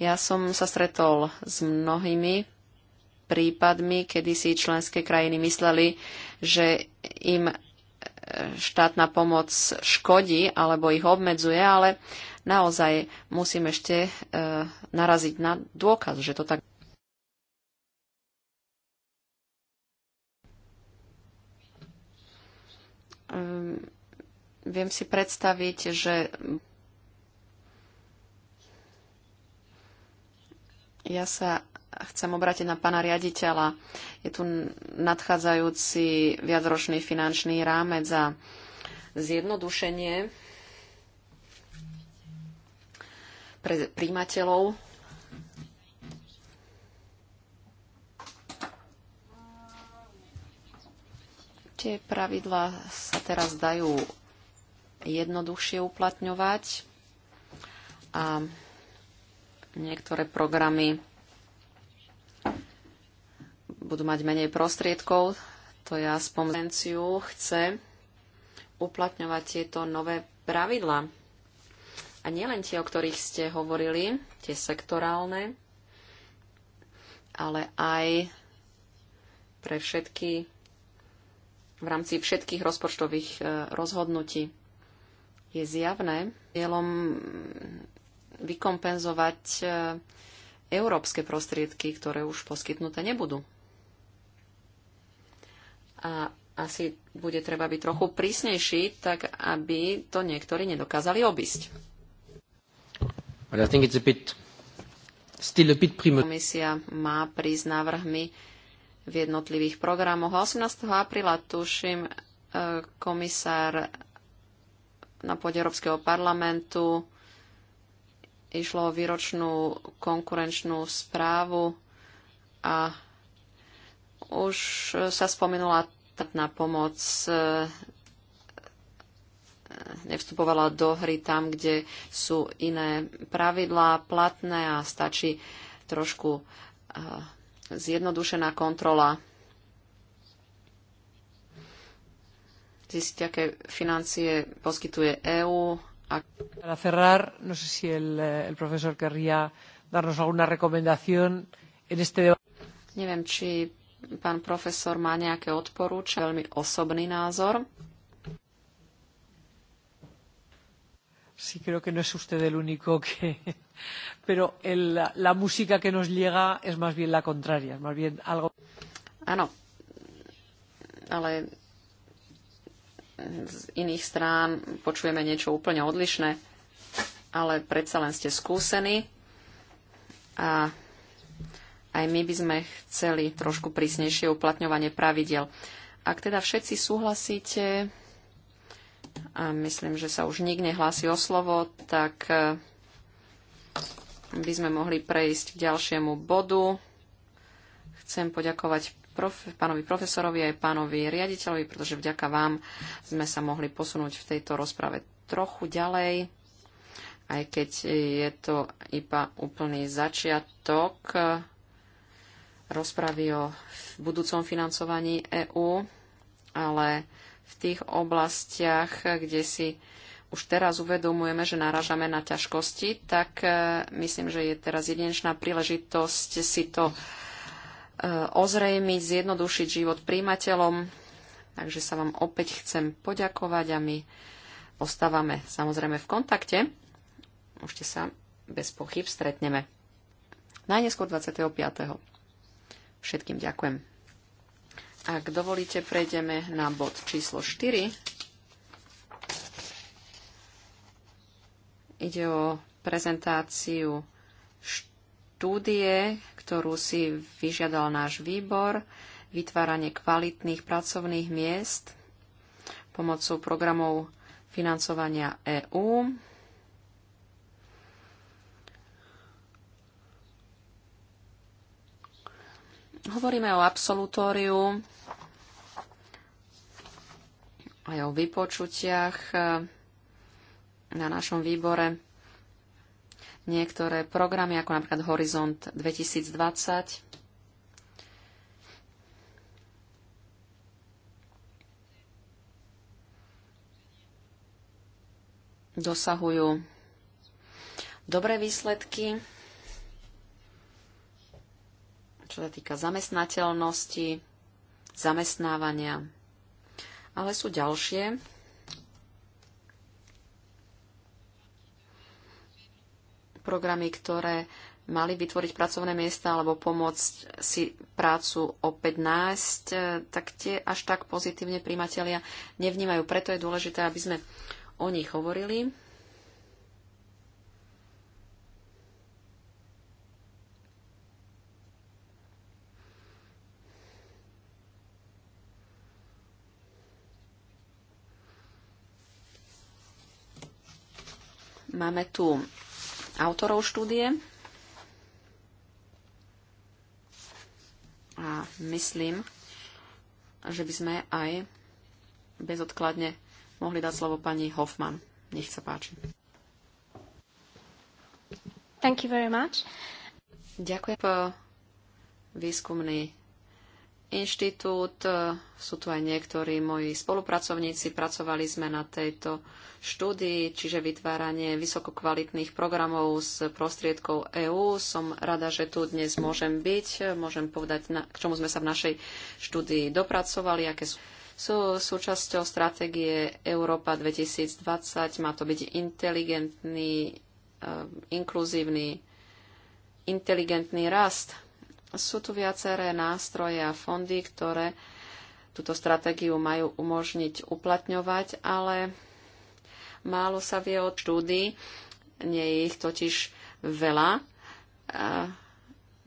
Ja som sa stretol s mnohými prípadmi, kedy si členské krajiny mysleli, že im e, štátna pomoc škodí alebo ich obmedzuje, ale naozaj musím ešte e, naraziť na dôkaz, že to tak. Ehm, viem si predstaviť, že Ja sa chcem obrátiť na pána riaditeľa. Je tu nadchádzajúci viacročný finančný rámec a zjednodušenie pre príjimateľov tie pravidla sa teraz dajú jednoduchšie uplatňovať a Niektoré programy budú mať menej prostriedkov, to ja spomenciu chce uplatňovať tieto nové pravidla. A nielen tie, o ktorých ste hovorili, tie sektorálne, ale aj pre všetky v rámci všetkých rozpočtových eh, rozhodnutí. Je zjavné, cieľom vykompenzovať e, európske prostriedky, ktoré už poskytnuté nebudú. A asi bude treba byť trochu prísnejší, tak aby to niektorí nedokázali obísť. Bit, Komisia má prísť návrhmi v jednotlivých programoch. 18. apríla, tuším, e, komisár na pôde Európskeho parlamentu Išlo o výročnú konkurenčnú správu a už sa spomenula na pomoc e, e, nevstupovala do hry tam, kde sú iné pravidlá platné a stačí trošku e, zjednodušená kontrola. Zistiť, aké financie poskytuje EÚ Para cerrar, no sé si el, eh, el profesor querría darnos alguna recomendación en este debate. Neviem, či pán profesor má nejaké veľmi osobný názor. Sí, creo que no es usted el único que. Pero el, la, la música que nos llega es más bien la contraria, es más bien algo. Áno, ale z iných strán počujeme niečo úplne odlišné, ale predsa len ste skúsení a aj my by sme chceli trošku prísnejšie uplatňovanie pravidel. Ak teda všetci súhlasíte, a myslím, že sa už nik nehlási o slovo, tak e, by sme mohli prejsť k ďalšiemu bodu. Chcem poďakovať prof, pánovi profesorovi aj pánovi riaditeľovi, pretože vďaka vám sme sa mohli posunúť v tejto rozprave trochu ďalej, aj keď je to iba úplný začiatok rozpravy o budúcom financovaní EÚ, ale v tých oblastiach, kde si už teraz uvedomujeme, že naražame na ťažkosti, tak e, myslím, že je teraz jedinečná príležitosť si to ozrejmiť, zjednodušiť život príjimateľom. Takže sa vám opäť chcem poďakovať a my ostávame samozrejme v kontakte. Môžete sa bez pochyb stretneme. Najneskôr 25. Všetkým ďakujem. Ak dovolíte, prejdeme na bod číslo 4. Ide o prezentáciu štúdie, ktorú si vyžiadal náš výbor, vytváranie kvalitných pracovných miest pomocou programov financovania EÚ. Hovoríme o absolutóriu aj o vypočutiach eh, na našom výbore niektoré programy, ako napríklad Horizont 2020. dosahujú dobré výsledky, čo sa týka zamestnateľnosti, zamestnávania. Ale sú ďalšie programy, ktoré mali vytvoriť pracovné miesta alebo pomôcť si prácu opäť nájsť, e, tak tie až tak pozitívne príjmatelia nevnímajú. Preto je dôležité, aby sme o nich hovorili. Máme tu autorov štúdie. A myslím, že by sme aj bezodkladne mohli dať slovo pani Hoffman. Nech sa páči. Thank you very much. Ďakujem. Výskumný inštitút. E, sú tu aj niektorí moji spolupracovníci. Pracovali sme na tejto štúdii, čiže vytváranie vysokokvalitných programov z prostriedkov EÚ. Som rada, že tu dnes môžem byť. Môžem povedať, k čomu sme sa v našej štúdii dopracovali, aké sú sú súčasťou stratégie Európa 2020. Má to byť inteligentný, e, inkluzívny, inteligentný rast sú tu viaceré nástroje a fondy, ktoré túto stratégiu majú umožniť uplatňovať, ale málo sa vie o štúdy, nie je ich totiž veľa. A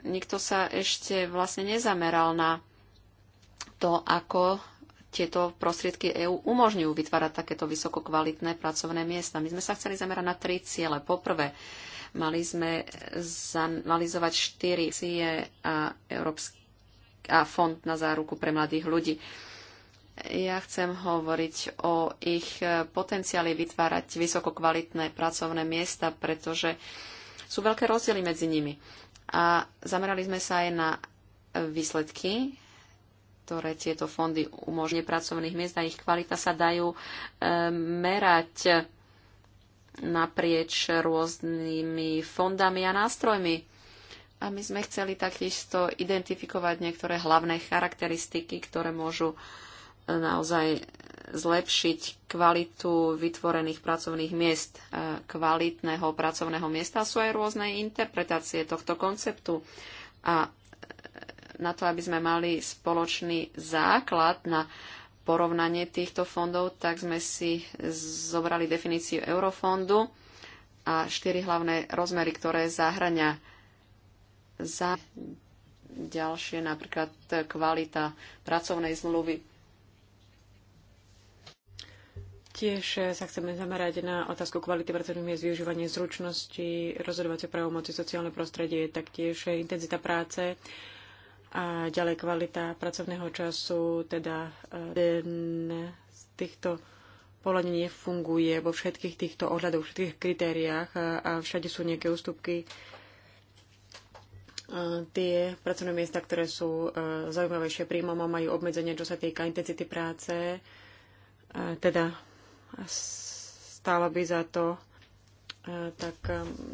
nikto sa ešte vlastne nezameral na to, ako tieto prostriedky EÚ umožňujú vytvárať takéto vysokokvalitné pracovné miesta. My sme sa chceli zamerať na tri ciele. Poprvé, Mali sme zanalizovať štyri cie a, Európsky, a fond na záruku pre mladých ľudí. Ja chcem hovoriť o ich potenciáli vytvárať vysokokvalitné pracovné miesta, pretože sú veľké rozdiely medzi nimi. A zamerali sme sa aj na výsledky, ktoré tieto fondy umožňujú pracovných miest a ich kvalita sa dajú eh, merať naprieč rôznymi fondami a nástrojmi. A my sme chceli takisto identifikovať niektoré hlavné charakteristiky, ktoré môžu e, naozaj zlepšiť kvalitu vytvorených pracovných miest, e, kvalitného pracovného miesta. Sú aj rôzne interpretácie tohto konceptu. A e, na to, aby sme mali spoločný základ na porovnanie týchto fondov, tak sme si zobrali definíciu eurofondu a štyri hlavné rozmery, ktoré zahrania za ďalšie, napríklad kvalita pracovnej zmluvy. Tiež sa chceme zamerať na otázku kvality pracovných miest, využívanie zručnosti, rozhodovacie právomoci, sociálne prostredie, taktiež intenzita práce, a ďalej kvalita pracovného času, teda e, ten z týchto povolení nefunguje vo všetkých týchto ohľadoch, všetkých kritériách a, e, a všade sú nejaké ústupky. E, tie pracovné miesta, ktoré sú zaujímavejšie príjmo, a majú obmedzenia, čo sa týka intenzity práce, teda stálo by za to tak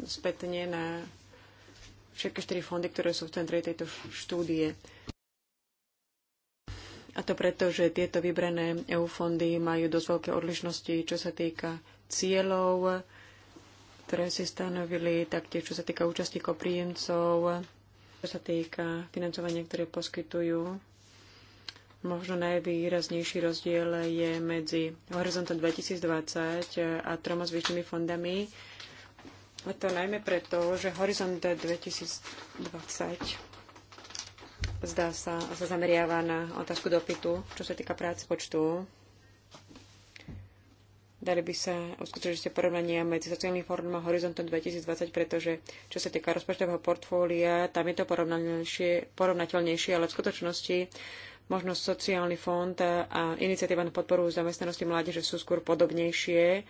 spätne na všetky štyri fondy, ktoré sú v centre tejto štúdie. A to preto, že tieto vybrané EU fondy majú dosť veľké odlišnosti, čo sa týka cieľov, ktoré si stanovili, taktiež čo sa týka účastníkov príjemcov, čo sa týka financovania, ktoré poskytujú. Možno najvýraznejší rozdiel je medzi Horizontom 2020 a troma zvyšnými fondami, a to najmä preto, že Horizont 2020 zdá sa, sa zameriava na otázku dopytu, čo sa týka práce počtu. Dali by sa uskutočniť porovnania medzi sociálnym fórum a Horizontom 2020, pretože čo sa týka rozpočtového portfólia, tam je to porovnateľnejšie, ale v skutočnosti možno sociálny fond a iniciatíva na podporu zamestnanosti mládeže sú skôr podobnejšie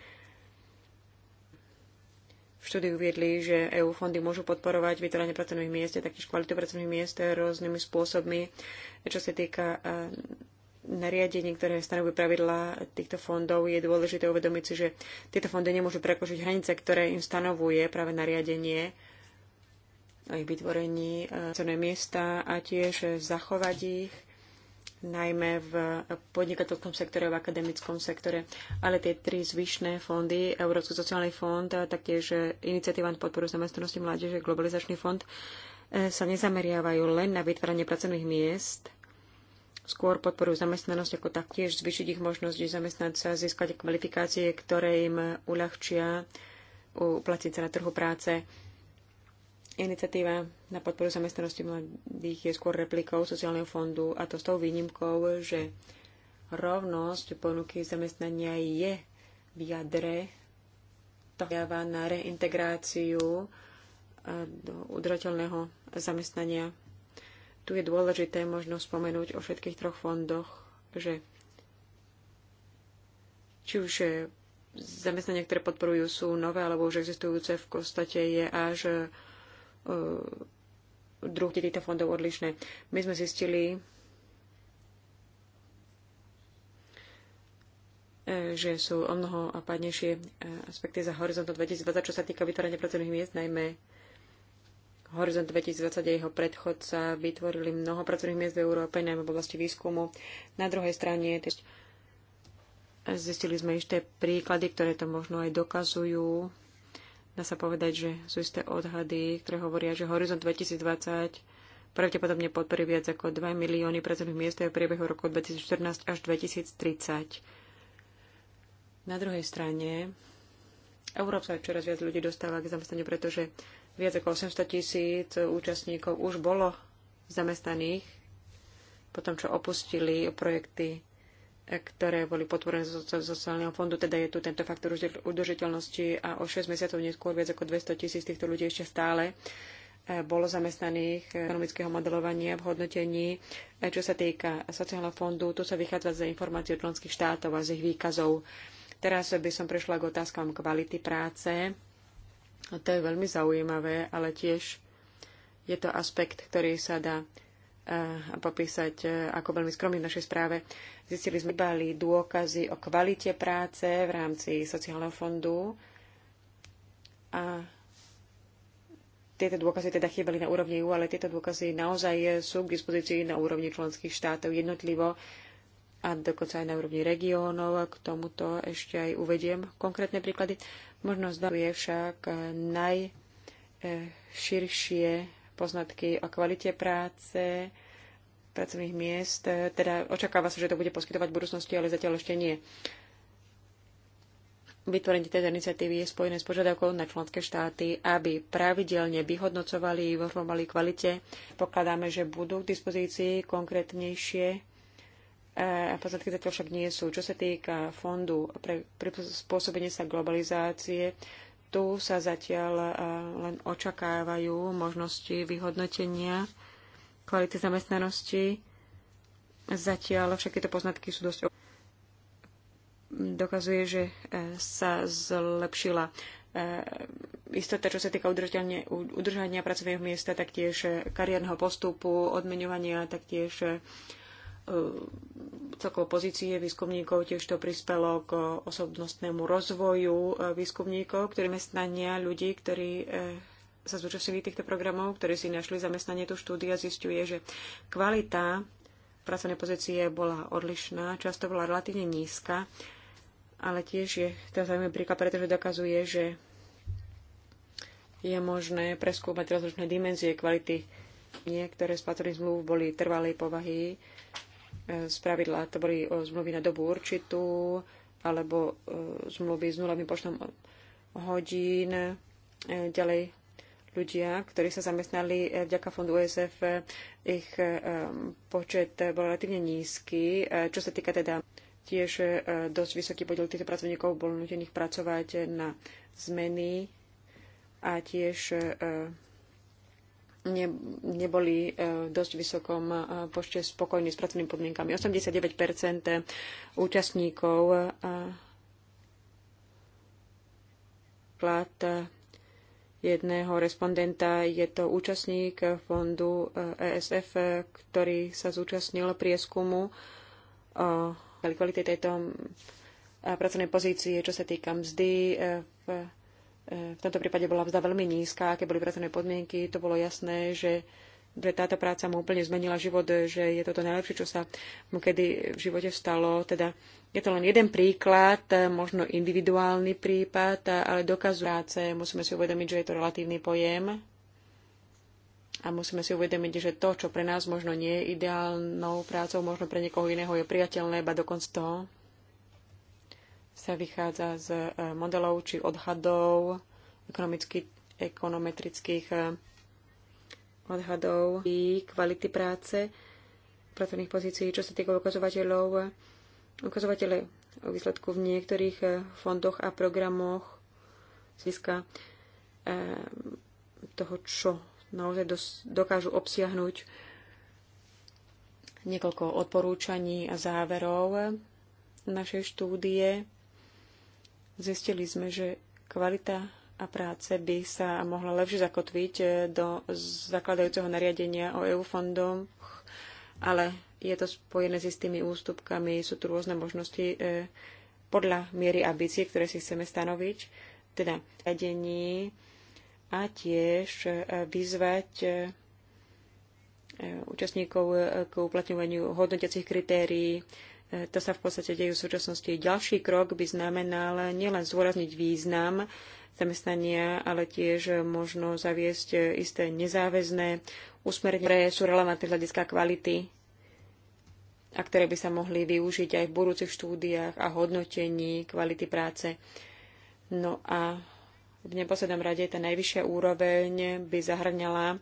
štúdii uviedli, že EU fondy môžu podporovať vytvorenie pracovných miest, taktiež kvalitu pracovných miest rôznymi spôsobmi, čo sa týka e, nariadení, ktoré stanovujú pravidlá týchto fondov, je dôležité uvedomiť si, že tieto fondy nemôžu prekočiť hranice, ktoré im stanovuje práve nariadenie o ich vytvorení e, cené miesta a tiež e, zachovať ich najmä v podnikateľskom sektore, v akademickom sektore. Ale tie tri zvyšné fondy, Európsky sociálny fond, taktiež iniciatíva na podporu zamestnanosti mládeže, Globalizačný fond, e, sa nezameriavajú len na vytváranie pracovných miest, skôr podporu zamestnanosť, ako taktiež zvyšiť ich možnosť zamestnať sa, získať kvalifikácie, ktoré im uľahčia uplatiť sa na trhu práce. Iniciatíva na podporu zamestnanosti mladých je skôr replikou sociálneho fondu a to s tou výnimkou, že rovnosť ponuky zamestnania je v jadre to dáva na reintegráciu eh, do udržateľného zamestnania. Tu je dôležité možno spomenúť o všetkých troch fondoch, že či už eh, zamestnania, ktoré podporujú, sú nové alebo už existujúce, v kostate, je až E, druhy týchto fondov odlišné. My sme zistili, e, že sú o mnoho pádnejšie e, aspekty za Horizont 2020, čo sa týka vytvorenia pracovných miest, najmä Horizont 2020 a jeho predchodca vytvorili mnoho pracovných miest v Európe, najmä v oblasti výskumu. Na druhej strane zistili sme ešte príklady, ktoré to možno aj dokazujú, Dá sa povedať, že sú isté odhady, ktoré hovoria, že Horizont 2020 pravdepodobne podporí viac ako 2 milióny pracovných miest v priebehu roku 2014 až 2030. Na druhej strane, Európa sa čoraz viac ľudí dostáva k zamestnaniu, pretože viac ako 800 tisíc účastníkov už bolo zamestnaných po tom, čo opustili projekty ktoré boli potvorené zo, zo sociálneho fondu, teda je tu tento faktor udržiteľnosti a o 6 mesiacov neskôr viac ako 200 tisíc týchto ľudí ešte stále eh, bolo zamestnaných eh, ekonomického modelovania v hodnotení. Eh, čo sa týka sociálneho fondu, tu sa vychádza za informácií od členských štátov a z ich výkazov. Teraz by som prešla k otázkam kvality práce. To je veľmi zaujímavé, ale tiež je to aspekt, ktorý sa dá a popísať, e, ako veľmi skromný v našej správe. Zistili sme bali dôkazy o kvalite práce v rámci sociálneho fondu a tieto dôkazy teda chýbali na úrovni EU, ale tieto dôkazy naozaj sú k dispozícii na úrovni členských štátov jednotlivo a dokonca aj na úrovni regiónov. K tomuto ešte aj uvediem konkrétne príklady. Možno je však e, najširšie poznatky o kvalite práce, pracovných miest. Teda očakáva sa, že to bude poskytovať v budúcnosti, ale zatiaľ ešte nie. Vytvorenie tejto iniciatívy je spojené s požiadavkou na členské štáty, aby pravidelne vyhodnocovali vo formáli kvalite. Pokladáme, že budú k dispozícii konkrétnejšie a poznatky zatiaľ však nie sú. Čo sa týka fondu pre prispôsobenie sa globalizácie, tu sa zatiaľ eh, len očakávajú možnosti vyhodnotenia kvality zamestnanosti. Zatiaľ však tieto poznatky sú dosť dokazuje, že eh, sa zlepšila eh, istota, čo sa týka udržania, pracovného miesta, taktiež kariérneho postupu, odmenovania, taktiež E, celkovo pozície výskumníkov, tiež to prispelo k osobnostnému rozvoju e, výskumníkov, ktorí mestnania ľudí, ktorí e, sa zúčastnili týchto programov, ktorí si našli zamestnanie tu štúdia, zistuje, že kvalita pracovnej pozície bola odlišná, často bola relatívne nízka, ale tiež je to zaujímavý príklad, pretože dokazuje, že je možné preskúmať rozličné dimenzie kvality. Niektoré z patrných zmluv boli trvalej povahy, pravidla to boli e, zmluvy na dobu určitú alebo e, zmluvy s nulovým počtom hodín. E, ďalej ľudia, ktorí sa zamestnali vďaka fondu USF, ich počet bol relatívne nízky. Čo sa týka teda tiež dosť vysoký podiel týchto pracovníkov bol nutených pracovať na zmeny a tiež ne, neboli v e, dosť vysokom e, počte spokojní s pracovnými podmienkami. 89 e, účastníkov plat jedného respondenta je to účastník fondu ESF, ktorý sa zúčastnil prieskumu o kvalite tejto pracovnej pozície, čo sa týka mzdy v v tomto prípade bola mzda veľmi nízka, aké boli pracovné podmienky, to bolo jasné, že táto práca mu úplne zmenila život, že je toto najlepšie, čo sa mu kedy v živote stalo. Teda je to len jeden príklad, možno individuálny prípad, ale dokazu práce musíme si uvedomiť, že je to relatívny pojem a musíme si uvedomiť, že to, čo pre nás možno nie je ideálnou prácou, možno pre niekoho iného je priateľné, ba dokonca to, sa vychádza z e, modelov či odhadov ekonomických ekonometrických e, odhadov i kvality práce pracovných pozícií, čo sa týka ukazovateľov. E, ukazovatele o výsledku v niektorých fondoch a programoch získa toho, čo naozaj dokážu obsiahnuť niekoľko odporúčaní a záverov našej štúdie. Zistili sme, že kvalita a práce by sa mohla lepšie zakotviť eh, do zakladajúceho nariadenia o EU fondom, ale je to spojené s istými ústupkami, sú tu rôzne možnosti eh, podľa miery ambície, ktoré si chceme stanoviť, teda riadení a tiež eh, vyzvať účastníkov k uplatňovaniu hodnotiacich kritérií, E, to sa v podstate deje v súčasnosti. Ďalší krok by znamenal nielen zdôrazniť význam zamestnania, ale tiež možno zaviesť isté nezáväzné usmerenia, ktoré sú relevantné hľadiska kvality a ktoré by sa mohli využiť aj v budúcich štúdiách a hodnotení kvality práce. No a v neposlednom rade tá najvyššia úroveň by zahrňala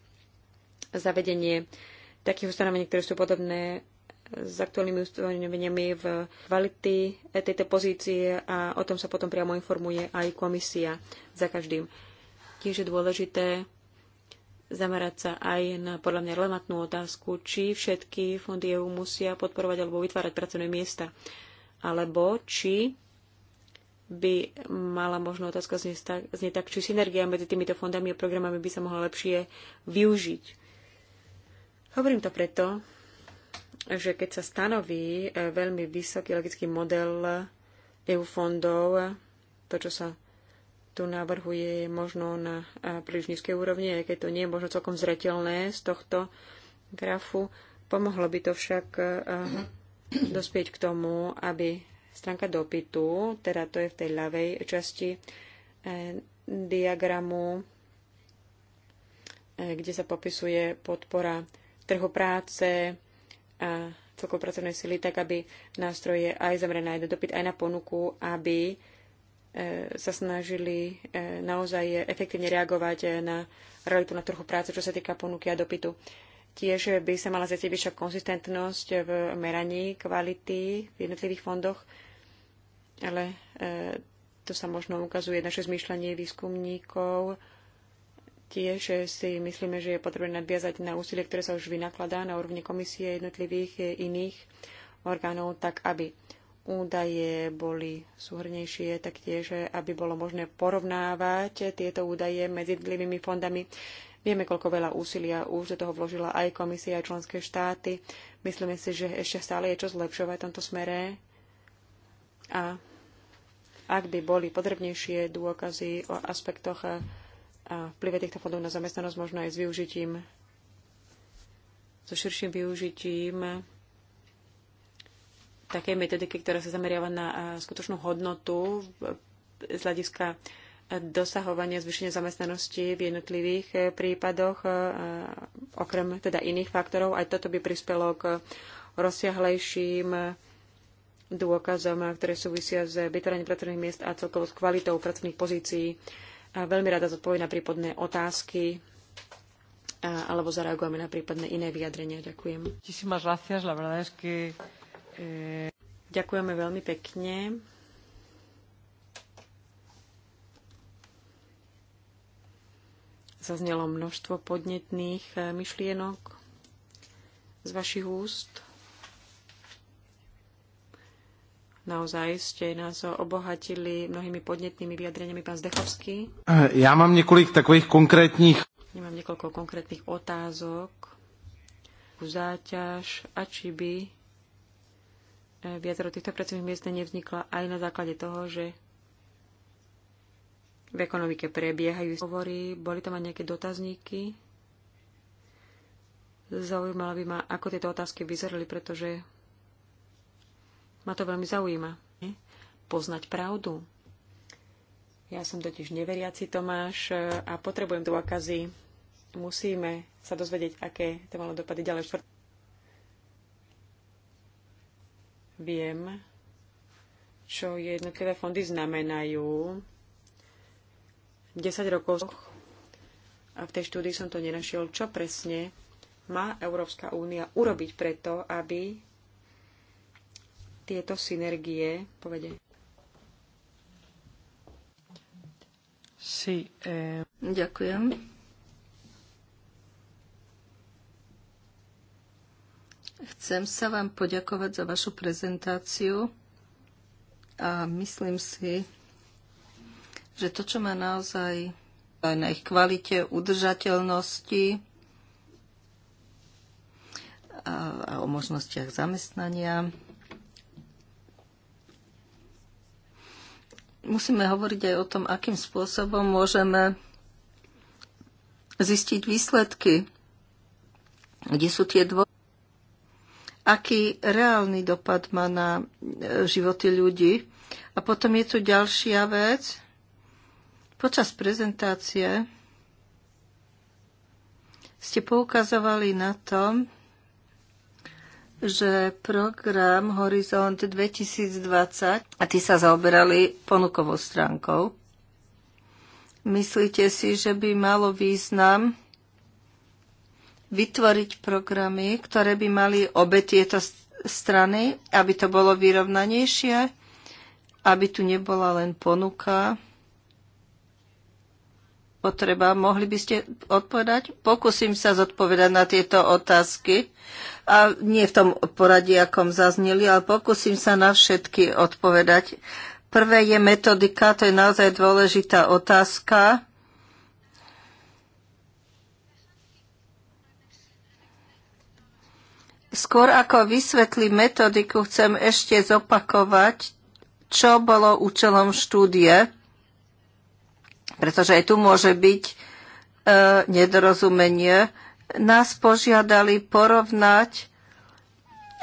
zavedenie takých ustanovení, ktoré sú podobné s aktuálnymi ustanoveniami v kvality e, tejto pozície a o tom sa potom priamo informuje aj komisia za každým. Tiež je dôležité zamerať sa aj na podľa mňa relevantnú otázku, či všetky fondy EU musia podporovať alebo vytvárať pracovné miesta, alebo či by mala možno otázka znieť tak, znie tak, či synergia medzi týmito fondami a programami by sa mohla lepšie využiť. Hovorím to preto, že keď sa stanoví e, veľmi vysoký logický model EU fondov, e, to, čo sa tu navrhuje, je možno na e, príliš nízkej úrovni, aj keď to nie je možno celkom zretelné z tohto grafu. Pomohlo by to však dospieť k tomu, aby stránka dopytu, teda to je v tej ľavej časti diagramu, kde sa popisuje podpora trhu práce, a celkov pracovnej sily, tak aby nástroje aj zamerané aj na dopyt, aj na ponuku, aby e, sa snažili e, naozaj efektívne reagovať e, na realitu na trhu práce, čo sa týka ponuky a dopytu. Tiež by sa mala zatiaľ vyššia konzistentnosť v meraní kvality v jednotlivých fondoch, ale to sa možno ukazuje naše zmýšľanie výskumníkov, Tiež si myslíme, že je potrebné nadviazať na úsilie, ktoré sa už vynakladá na úrovni komisie jednotlivých iných orgánov, tak aby údaje boli súhrnejšie, taktiež, aby bolo možné porovnávať tieto údaje medzi jednotlivými fondami. Vieme, koľko veľa úsilia už do toho vložila aj komisia, aj členské štáty. Myslíme si, že ešte stále je čo zlepšovať v tomto smere. A ak by boli podrobnejšie dôkazy o aspektoch a vplyve týchto fondov na zamestnanosť možno aj s využitím, so širším využitím takej metodiky, ktorá sa zameriava na skutočnú hodnotu z hľadiska dosahovania zvýšenia zamestnanosti v jednotlivých e, prípadoch, e, okrem teda iných faktorov. Aj toto by prispelo k rozsiahlejším dôkazom, ktoré súvisia s vytvorením pracovných miest a celkovo s kvalitou pracovných pozícií Veľmi rada zodpovie na prípadné otázky alebo zareagujeme na prípadné iné vyjadrenia. Ďakujem. Eh, Ďakujeme veľmi pekne. Zaznelo množstvo podnetných eh, myšlienok z vašich úst. Naozaj ste nás obohatili mnohými podnetnými vyjadreniami, pán Zdechovský. Ja mám niekoľko takových konkrétnych... nemám niekoľko konkrétnych otázok. Záťaž a či by eh, viacero týchto pracovných miest nevznikla aj na základe toho, že v ekonomike prebiehajú hovory, boli tam aj nejaké dotazníky. Zaujímalo by ma, ako tieto otázky vyzerali, pretože ma to veľmi zaujíma. Poznať pravdu. Ja som totiž neveriaci Tomáš a potrebujem dôkazy. Musíme sa dozvedieť, aké to malo dopady ďalej. Štvrt... Viem, čo jednotlivé fondy znamenajú. 10 rokov a v tej štúdii som to nenašiel, čo presne má Európska únia urobiť preto, aby tieto synergie povede? Sí, eh... Ďakujem. Chcem sa vám poďakovať za vašu prezentáciu a myslím si, že to, čo má naozaj aj na ich kvalite, udržateľnosti a, a o možnostiach zamestnania, musíme hovoriť aj o tom, akým spôsobom môžeme zistiť výsledky, kde sú tie dvo... Aký reálny dopad má na e, životy ľudí. A potom je tu ďalšia vec. Počas prezentácie ste poukazovali na tom, že program Horizont 2020, a ty sa zaoberali ponukovou stránkou, myslíte si, že by malo význam vytvoriť programy, ktoré by mali obe tieto strany, aby to bolo vyrovnanejšie, aby tu nebola len ponuka potreba. Mohli by ste odpovedať? Pokúsim sa zodpovedať na tieto otázky. A nie v tom poradí, akom zazneli, ale pokúsim sa na všetky odpovedať. Prvé je metodika, to je naozaj dôležitá otázka. Skôr ako vysvetlím metodiku, chcem ešte zopakovať, čo bolo účelom štúdie pretože aj tu môže byť e, nedorozumenie, nás požiadali porovnať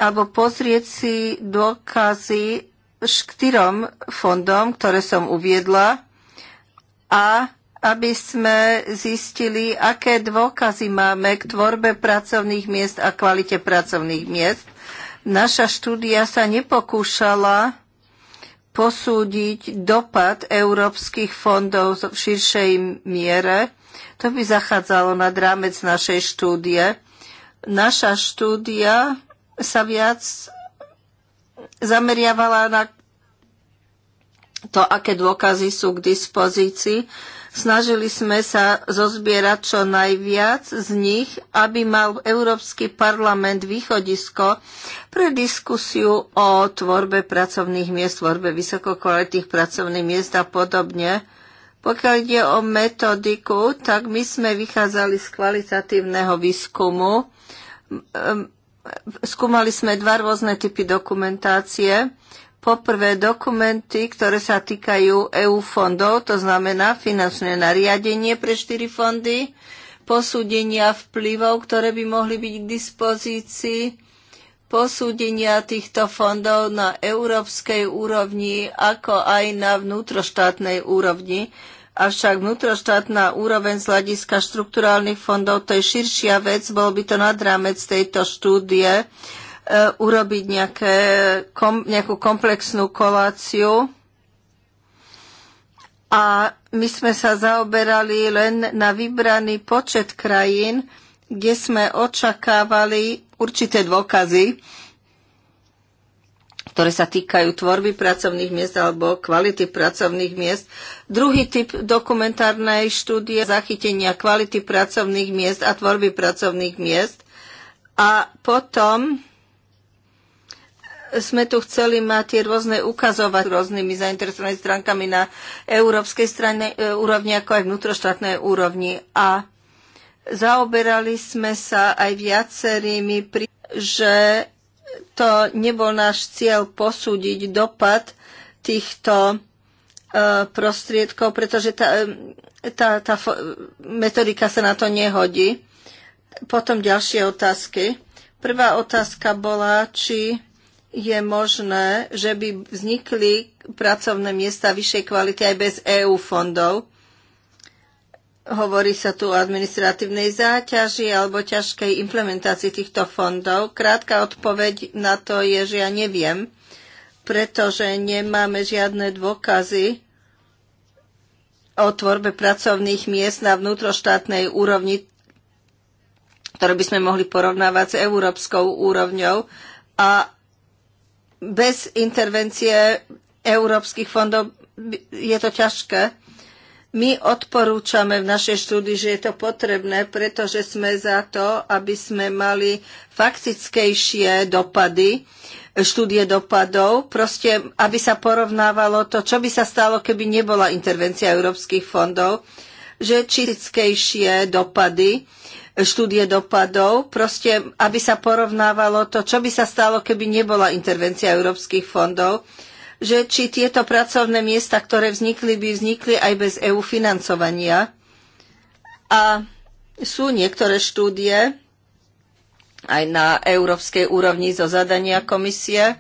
alebo pozrieť si dôkazy štyrom fondom, ktoré som uviedla a aby sme zistili, aké dôkazy máme k tvorbe pracovných miest a kvalite pracovných miest. Naša štúdia sa nepokúšala posúdiť dopad európskych fondov v širšej miere. To by zachádzalo nad rámec našej štúdie. Naša štúdia sa viac zameriavala na to, aké dôkazy sú k dispozícii Snažili sme sa zozbierať čo najviac z nich, aby mal Európsky parlament východisko pre diskusiu o tvorbe pracovných miest, tvorbe vysokokvalitných pracovných miest a podobne. Pokiaľ ide o metodiku, tak my sme vychádzali z kvalitatívneho výskumu. Skúmali sme dva rôzne typy dokumentácie. Poprvé dokumenty, ktoré sa týkajú EU fondov, to znamená finančné nariadenie pre štyri fondy, posúdenia vplyvov, ktoré by mohli byť k dispozícii, posúdenia týchto fondov na európskej úrovni, ako aj na vnútroštátnej úrovni. Avšak vnútroštátna úroveň z hľadiska štrukturálnych fondov to je širšia vec, bol by to nad rámec tejto štúdie E, urobiť nejaké, kom, nejakú komplexnú koláciu. A my sme sa zaoberali len na vybraný počet krajín, kde sme očakávali určité dôkazy, ktoré sa týkajú tvorby pracovných miest alebo kvality pracovných miest. Druhý typ dokumentárnej štúdie zachytenia kvality pracovných miest a tvorby pracovných miest. A potom sme tu chceli mať tie rôzne ukazovať rôznymi zainteresovanými stránkami na európskej strane e, úrovni, ako aj vnútroštátnej úrovni. A zaoberali sme sa aj viacerými, pri, že to nebol náš cieľ posúdiť dopad týchto e, prostriedkov, pretože tá, e, tá, tá metodika sa na to nehodí. Potom ďalšie otázky. Prvá otázka bola, či je možné, že by vznikli pracovné miesta vyššej kvality aj bez EU fondov. Hovorí sa tu o administratívnej záťaži alebo ťažkej implementácii týchto fondov. Krátka odpoveď na to je, že ja neviem, pretože nemáme žiadne dôkazy o tvorbe pracovných miest na vnútroštátnej úrovni, ktoré by sme mohli porovnávať s európskou úrovňou. A bez intervencie európskych fondov je to ťažké. My odporúčame v našej štúdii, že je to potrebné, pretože sme za to, aby sme mali faktickejšie dopady, štúdie dopadov, proste aby sa porovnávalo to, čo by sa stalo, keby nebola intervencia európskych fondov, že čistickejšie dopady, štúdie dopadov, proste aby sa porovnávalo to, čo by sa stalo, keby nebola intervencia európskych fondov, že či tieto pracovné miesta, ktoré vznikli, by vznikli aj bez EU financovania. A sú niektoré štúdie aj na európskej úrovni zo zadania komisie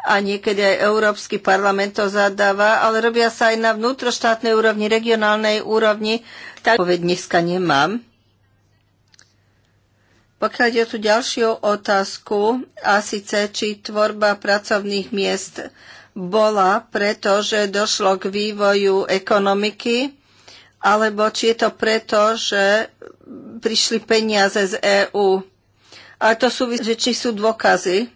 a niekedy aj Európsky parlament to zadáva, ale robia sa aj na vnútroštátnej úrovni, regionálnej úrovni. Tak povedť dneska nemám pokiaľ ide tu ďalšiu otázku, a síce, či tvorba pracovných miest bola, pretože došlo k vývoju ekonomiky, alebo či je to preto, že prišli peniaze z EÚ. A to sú, že či sú dôkazy.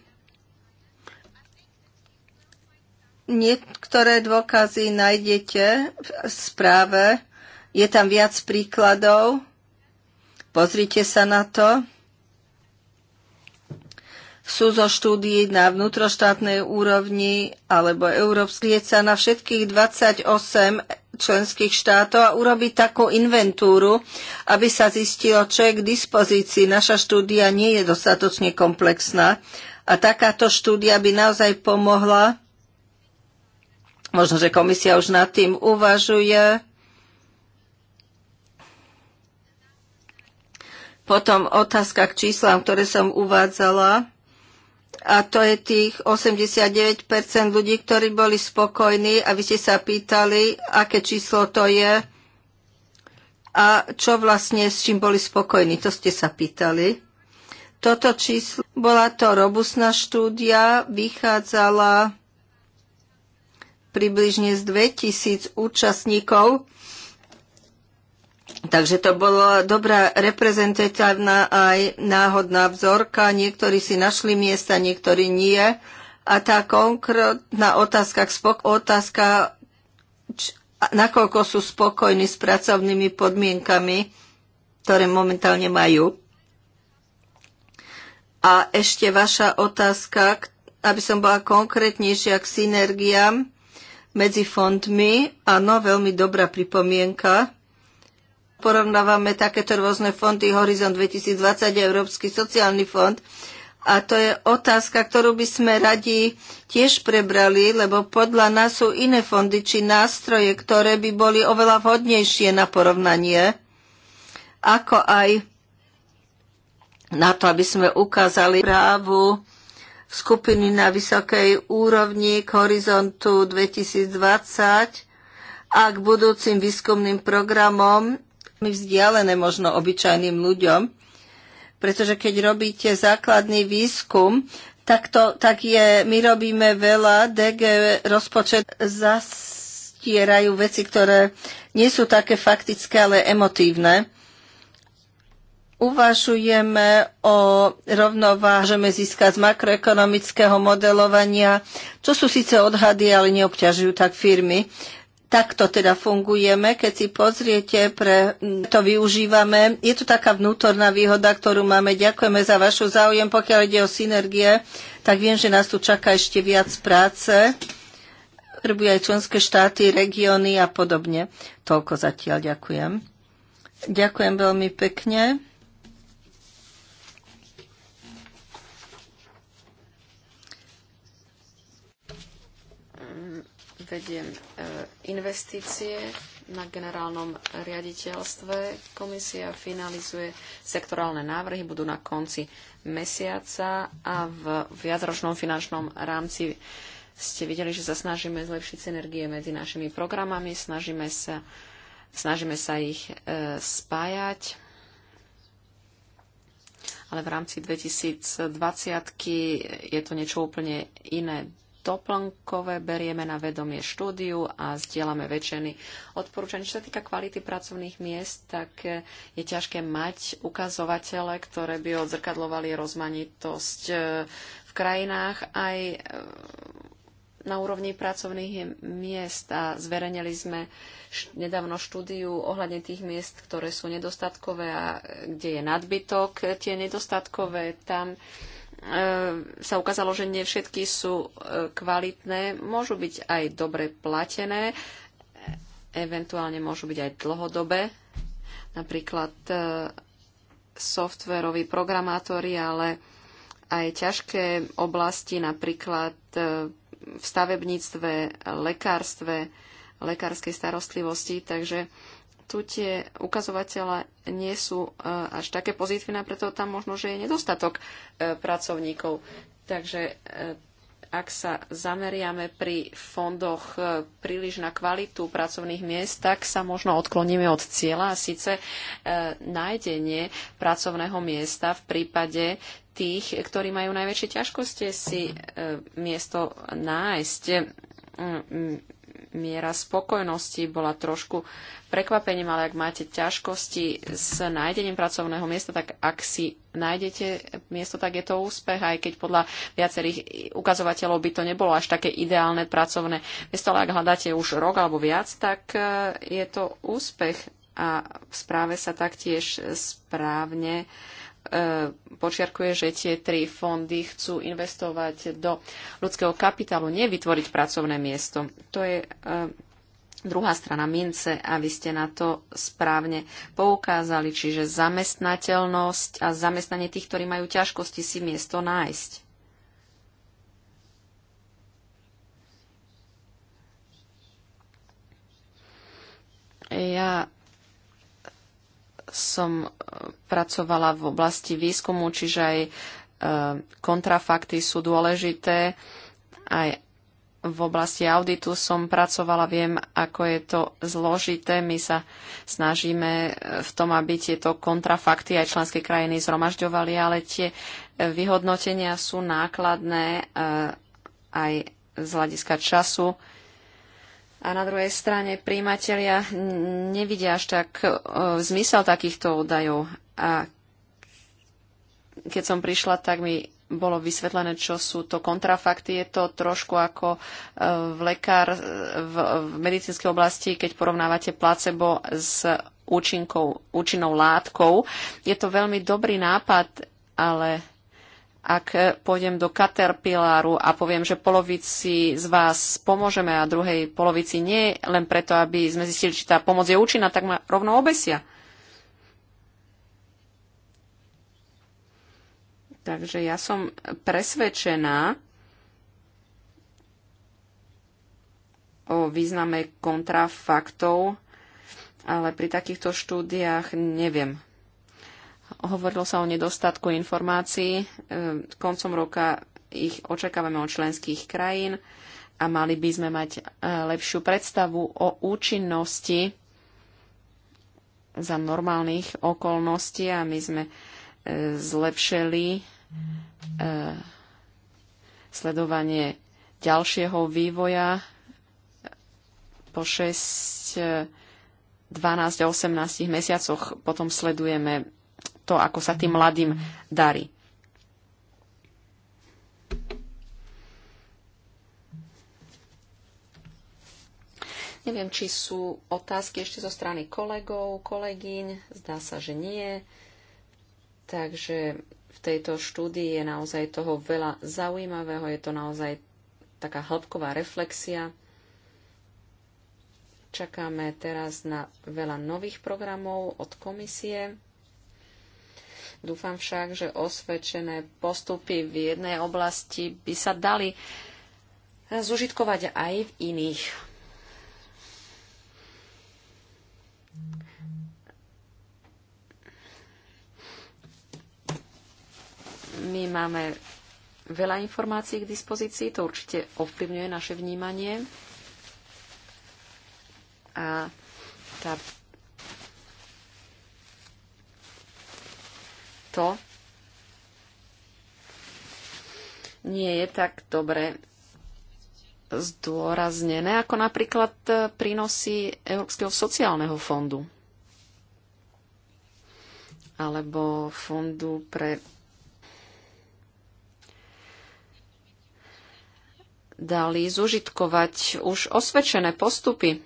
Niektoré dôkazy nájdete v správe. Je tam viac príkladov. Pozrite sa na to sú zo štúdií na vnútroštátnej úrovni alebo európskej sa na všetkých 28 členských štátov a urobiť takú inventúru, aby sa zistilo, čo je k dispozícii. Naša štúdia nie je dostatočne komplexná a takáto štúdia by naozaj pomohla. Možno, že komisia už nad tým uvažuje. Potom otázka k číslam, ktoré som uvádzala a to je tých 89% ľudí, ktorí boli spokojní a vy ste sa pýtali, aké číslo to je a čo vlastne s čím boli spokojní. To ste sa pýtali. Toto číslo, bola to robustná štúdia, vychádzala približne z 2000 účastníkov Takže to bola dobrá reprezentatívna aj náhodná vzorka. Niektorí si našli miesta, niektorí nie. A tá konkrétna otázka, otázka č, nakoľko sú spokojní s pracovnými podmienkami, ktoré momentálne majú. A ešte vaša otázka, aby som bola konkrétnejšia k synergiám medzi fondmi. Áno, veľmi dobrá pripomienka porovnávame takéto rôzne fondy Horizon 2020 a Európsky sociálny fond. A to je otázka, ktorú by sme radi tiež prebrali, lebo podľa nás sú iné fondy či nástroje, ktoré by boli oveľa vhodnejšie na porovnanie, ako aj na to, aby sme ukázali právu skupiny na vysokej úrovni k horizontu 2020 a k budúcim výskumným programom veľmi vzdialené možno obyčajným ľuďom, pretože keď robíte základný výskum, tak, to, tak je, my robíme veľa, DG rozpočet zastierajú veci, ktoré nie sú také faktické, ale emotívne. Uvažujeme o rovnováže získať z makroekonomického modelovania, čo sú síce odhady, ale neobťažujú tak firmy. Takto teda fungujeme. Keď si pozriete, pre, to využívame. Je to taká vnútorná výhoda, ktorú máme. Ďakujeme za vašu záujem. Pokiaľ ide o synergie, tak viem, že nás tu čaká ešte viac práce. Potrebujú aj členské štáty, regióny a podobne. Toľko zatiaľ ďakujem. Ďakujem veľmi pekne. Mm, vediem e, investície na generálnom riaditeľstve. Komisia finalizuje sektorálne návrhy, budú na konci mesiaca a v viacročnom finančnom rámci ste videli, že sa snažíme zlepšiť synergie medzi našimi programami, snažíme sa, snažíme sa ich e, spájať. Ale v rámci 2020 je to niečo úplne iné doplnkové, berieme na vedomie štúdiu a zdieľame väčšiny odporúčaní. Čo sa týka kvality pracovných miest, tak je ťažké mať ukazovatele, ktoré by odzrkadlovali rozmanitosť eh, v krajinách aj eh, na úrovni pracovných miest a zverejnili sme nedávno štúdiu ohľadne tých miest, ktoré sú nedostatkové a eh, kde je nadbytok. Tie nedostatkové tam Ehm, sa ukázalo, že nie všetky sú e, kvalitné, môžu byť aj dobre platené, eventuálne môžu byť aj dlhodobé. Napríklad e, softveroví programátori, ale aj ťažké oblasti, napríklad e, v stavebníctve, lekárstve, lekárskej starostlivosti. Takže tu tie ukazovatele nie sú e, až také pozitívne, preto tam možno, že je nedostatok e, pracovníkov. Takže e, ak sa zameriame pri fondoch príliš na kvalitu pracovných miest, tak sa možno odkloníme od cieľa a síce nájdenie pracovného miesta v prípade tých, ktorí majú najväčšie ťažkosti si miesto nájsť mm, mm, miera spokojnosti bola trošku prekvapením, ale ak máte ťažkosti s nájdením pracovného miesta, tak ak si nájdete miesto, tak je to úspech, aj keď podľa viacerých ukazovateľov by to nebolo až také ideálne pracovné miesto, ale ak hľadáte už rok alebo viac, tak e, je to úspech a v správe sa taktiež správne uh, E, počiarkuje, že tie tri fondy chcú investovať do ľudského kapitálu, nevytvoriť pracovné miesto. To je e, druhá strana mince a vy ste na to správne poukázali, čiže zamestnateľnosť a zamestnanie tých, ktorí majú ťažkosti si miesto nájsť. Ja som e, pracovala v oblasti výskumu, čiže aj e, kontrafakty sú dôležité. Aj v oblasti auditu som pracovala, viem, ako je to zložité. My sa snažíme e, v tom, aby tieto kontrafakty aj členské krajiny zhromažďovali, ale tie vyhodnotenia sú nákladné aj z hľadiska času. A na druhej strane príjimatelia nevidia až tak e, zmysel takýchto údajov. A keď som prišla, tak mi bolo vysvetlené, čo sú to kontrafakty. Je to trošku ako e, v lekár e, v, v medicínskej oblasti, keď porovnávate placebo s účinkou, účinnou látkou. Je to veľmi dobrý nápad, ale ak pôjdem do Caterpillaru a poviem, že polovici z vás pomôžeme a druhej polovici nie, len preto, aby sme zistili, či tá pomoc je účinná, tak ma rovno obesia. Takže ja som presvedčená o význame kontrafaktov, ale pri takýchto štúdiách neviem Hovorilo sa o nedostatku informácií. Koncom roka ich očakávame od členských krajín a mali by sme mať e, lepšiu predstavu o účinnosti za normálnych okolností a my sme e, zlepšili e, sledovanie ďalšieho vývoja po 6, 12, 18 mesiacoch potom sledujeme to, ako sa tým mladým darí. Neviem, či sú otázky ešte zo strany kolegov, kolegyň. Zdá sa, že nie. Takže v tejto štúdii je naozaj toho veľa zaujímavého. Je to naozaj taká hĺbková reflexia. Čakáme teraz na veľa nových programov od komisie. Dúfam však, že osvedčené postupy v jednej oblasti by sa dali zužitkovať aj v iných. My máme veľa informácií k dispozícii, to určite ovplyvňuje naše vnímanie. A tá to nie je tak dobre zdôraznené, ako napríklad e, prínosy Európskeho sociálneho fondu alebo fondu pre dali zužitkovať už osvedčené postupy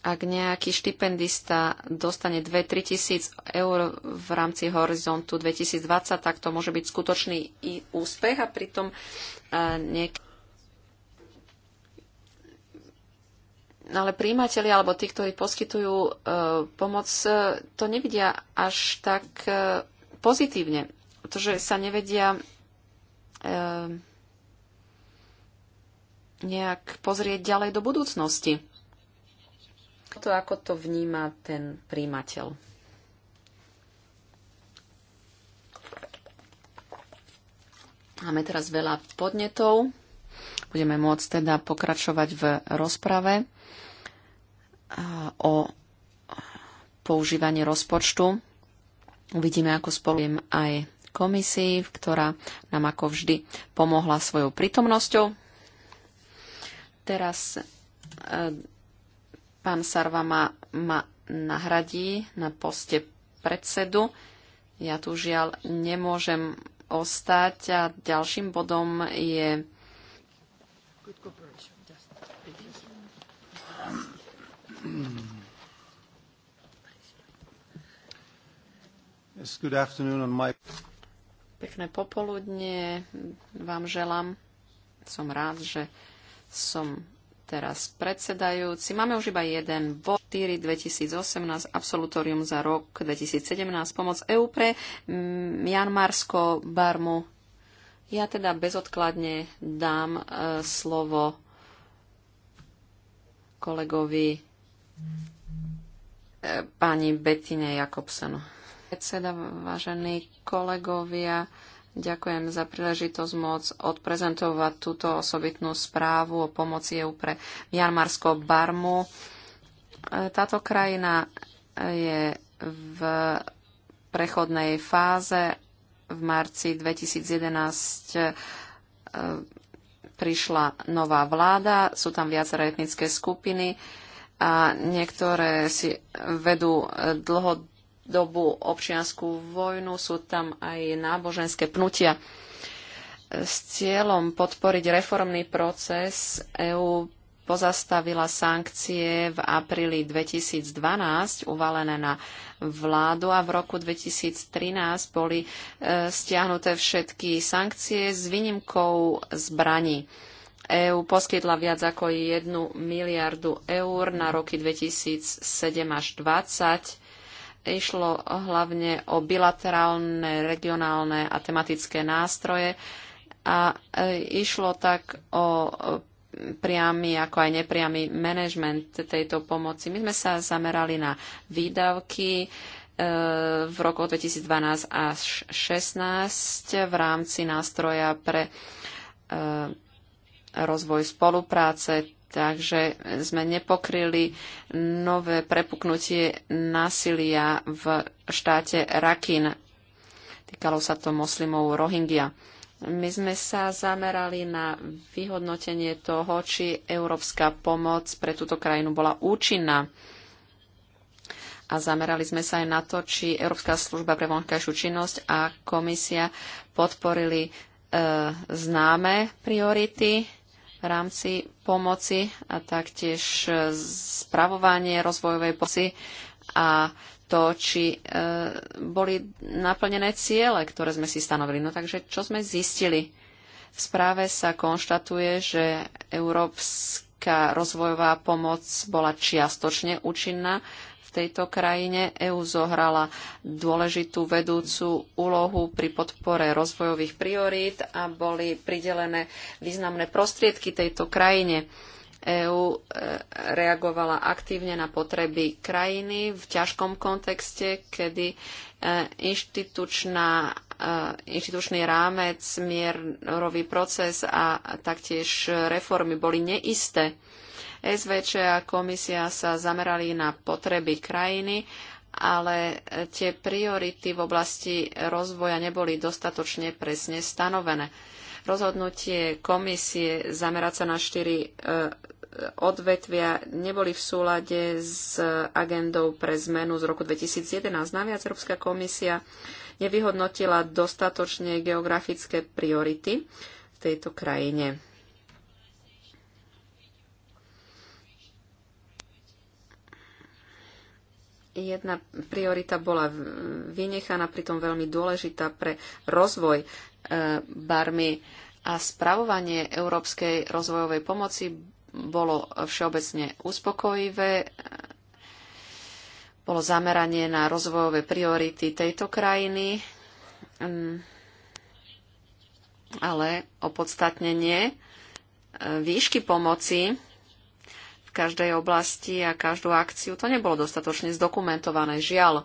ak nejaký štipendista dostane 2-3 tisíc eur v rámci horizontu 2020, tak to môže byť skutočný i úspech a pritom eh, niek- Ale príjimateľi alebo tí, ktorí poskytujú e, pomoc, eh, to nevidia až tak e, pozitívne, pretože sa nevedia e, nejak pozrieť ďalej do budúcnosti to, ako to vníma ten príjimateľ. Máme teraz veľa podnetov. Budeme môcť teda pokračovať v rozprave o používaní rozpočtu. Uvidíme, ako spolujem aj komisii, ktorá nám ako vždy pomohla svojou prítomnosťou. Teraz Pán Sarva ma, ma nahradí na poste predsedu. Ja tu žiaľ nemôžem ostať a ďalším bodom je Yes, good afternoon on my... Pekné popoludne vám želám. Som rád, že som teraz predsedajúci. Máme už iba jeden bod 4 2018, absolutórium za rok 2017, pomoc EU pre Mianmarsko, Barmu. Ja teda bezodkladne dám e, slovo kolegovi e, pani Betine Jakobsenu. Predseda, vážení kolegovia, Ďakujem za príležitosť môcť odprezentovať túto osobitnú správu o pomoci EU pre Mianmarsko Barmu. E, táto krajina je v prechodnej fáze. V marci 2011 e, prišla nová vláda, sú tam viaceré etnické skupiny a niektoré si vedú e, dlhodobo dobu občianskú vojnu, sú tam aj náboženské pnutia. S cieľom podporiť reformný proces EÚ pozastavila sankcie v apríli 2012 uvalené na vládu a v roku 2013 boli e, stiahnuté všetky sankcie s výnimkou zbraní. EÚ poskytla viac ako 1 miliardu eur na roky 2007 až 2020 Išlo hlavne o bilaterálne, regionálne a tematické nástroje a e, išlo tak o e, priamy ako aj nepriamy management tejto pomoci. My sme sa zamerali na výdavky e, v roku 2012 až 2016 v rámci nástroja pre rozvoj spolupráce. Takže sme nepokryli nové prepuknutie násilia v štáte Rakin. Týkalo sa to moslimov Rohingya. My sme sa zamerali na vyhodnotenie toho, či európska pomoc pre túto krajinu bola účinná. A zamerali sme sa aj na to, či Európska služba pre vonkajšiu činnosť a komisia podporili e, známe priority v rámci pomoci a taktiež e, spravovanie rozvojovej pomoci a to, či e, boli naplnené ciele, ktoré sme si stanovili. No takže čo sme zistili? V správe sa konštatuje, že európska rozvojová pomoc bola čiastočne účinná, v tejto krajine. EÚ zohrala dôležitú vedúcu úlohu pri podpore rozvojových priorít a boli pridelené významné prostriedky tejto krajine. EÚ e, reagovala aktívne na potreby krajiny v ťažkom kontexte, kedy e, e, inštitučný rámec, mierový proces a taktiež reformy boli neisté. SVČ a komisia sa zamerali na potreby krajiny, ale tie priority v oblasti rozvoja neboli dostatočne presne stanovené. Rozhodnutie komisie zamerať sa na štyri e, odvetvia neboli v súlade s agendou pre zmenu z roku 2011. Naviac Európska komisia nevyhodnotila dostatočne geografické priority v tejto krajine. Jedna priorita bola vynechaná, pritom veľmi dôležitá pre rozvoj e, Barmy a spravovanie európskej rozvojovej pomoci bolo všeobecne uspokojivé. Bolo zameranie na rozvojové priority tejto krajiny, mm. ale opodstatnenie e, výšky pomoci v každej oblasti a každú akciu. To nebolo dostatočne zdokumentované, žiaľ.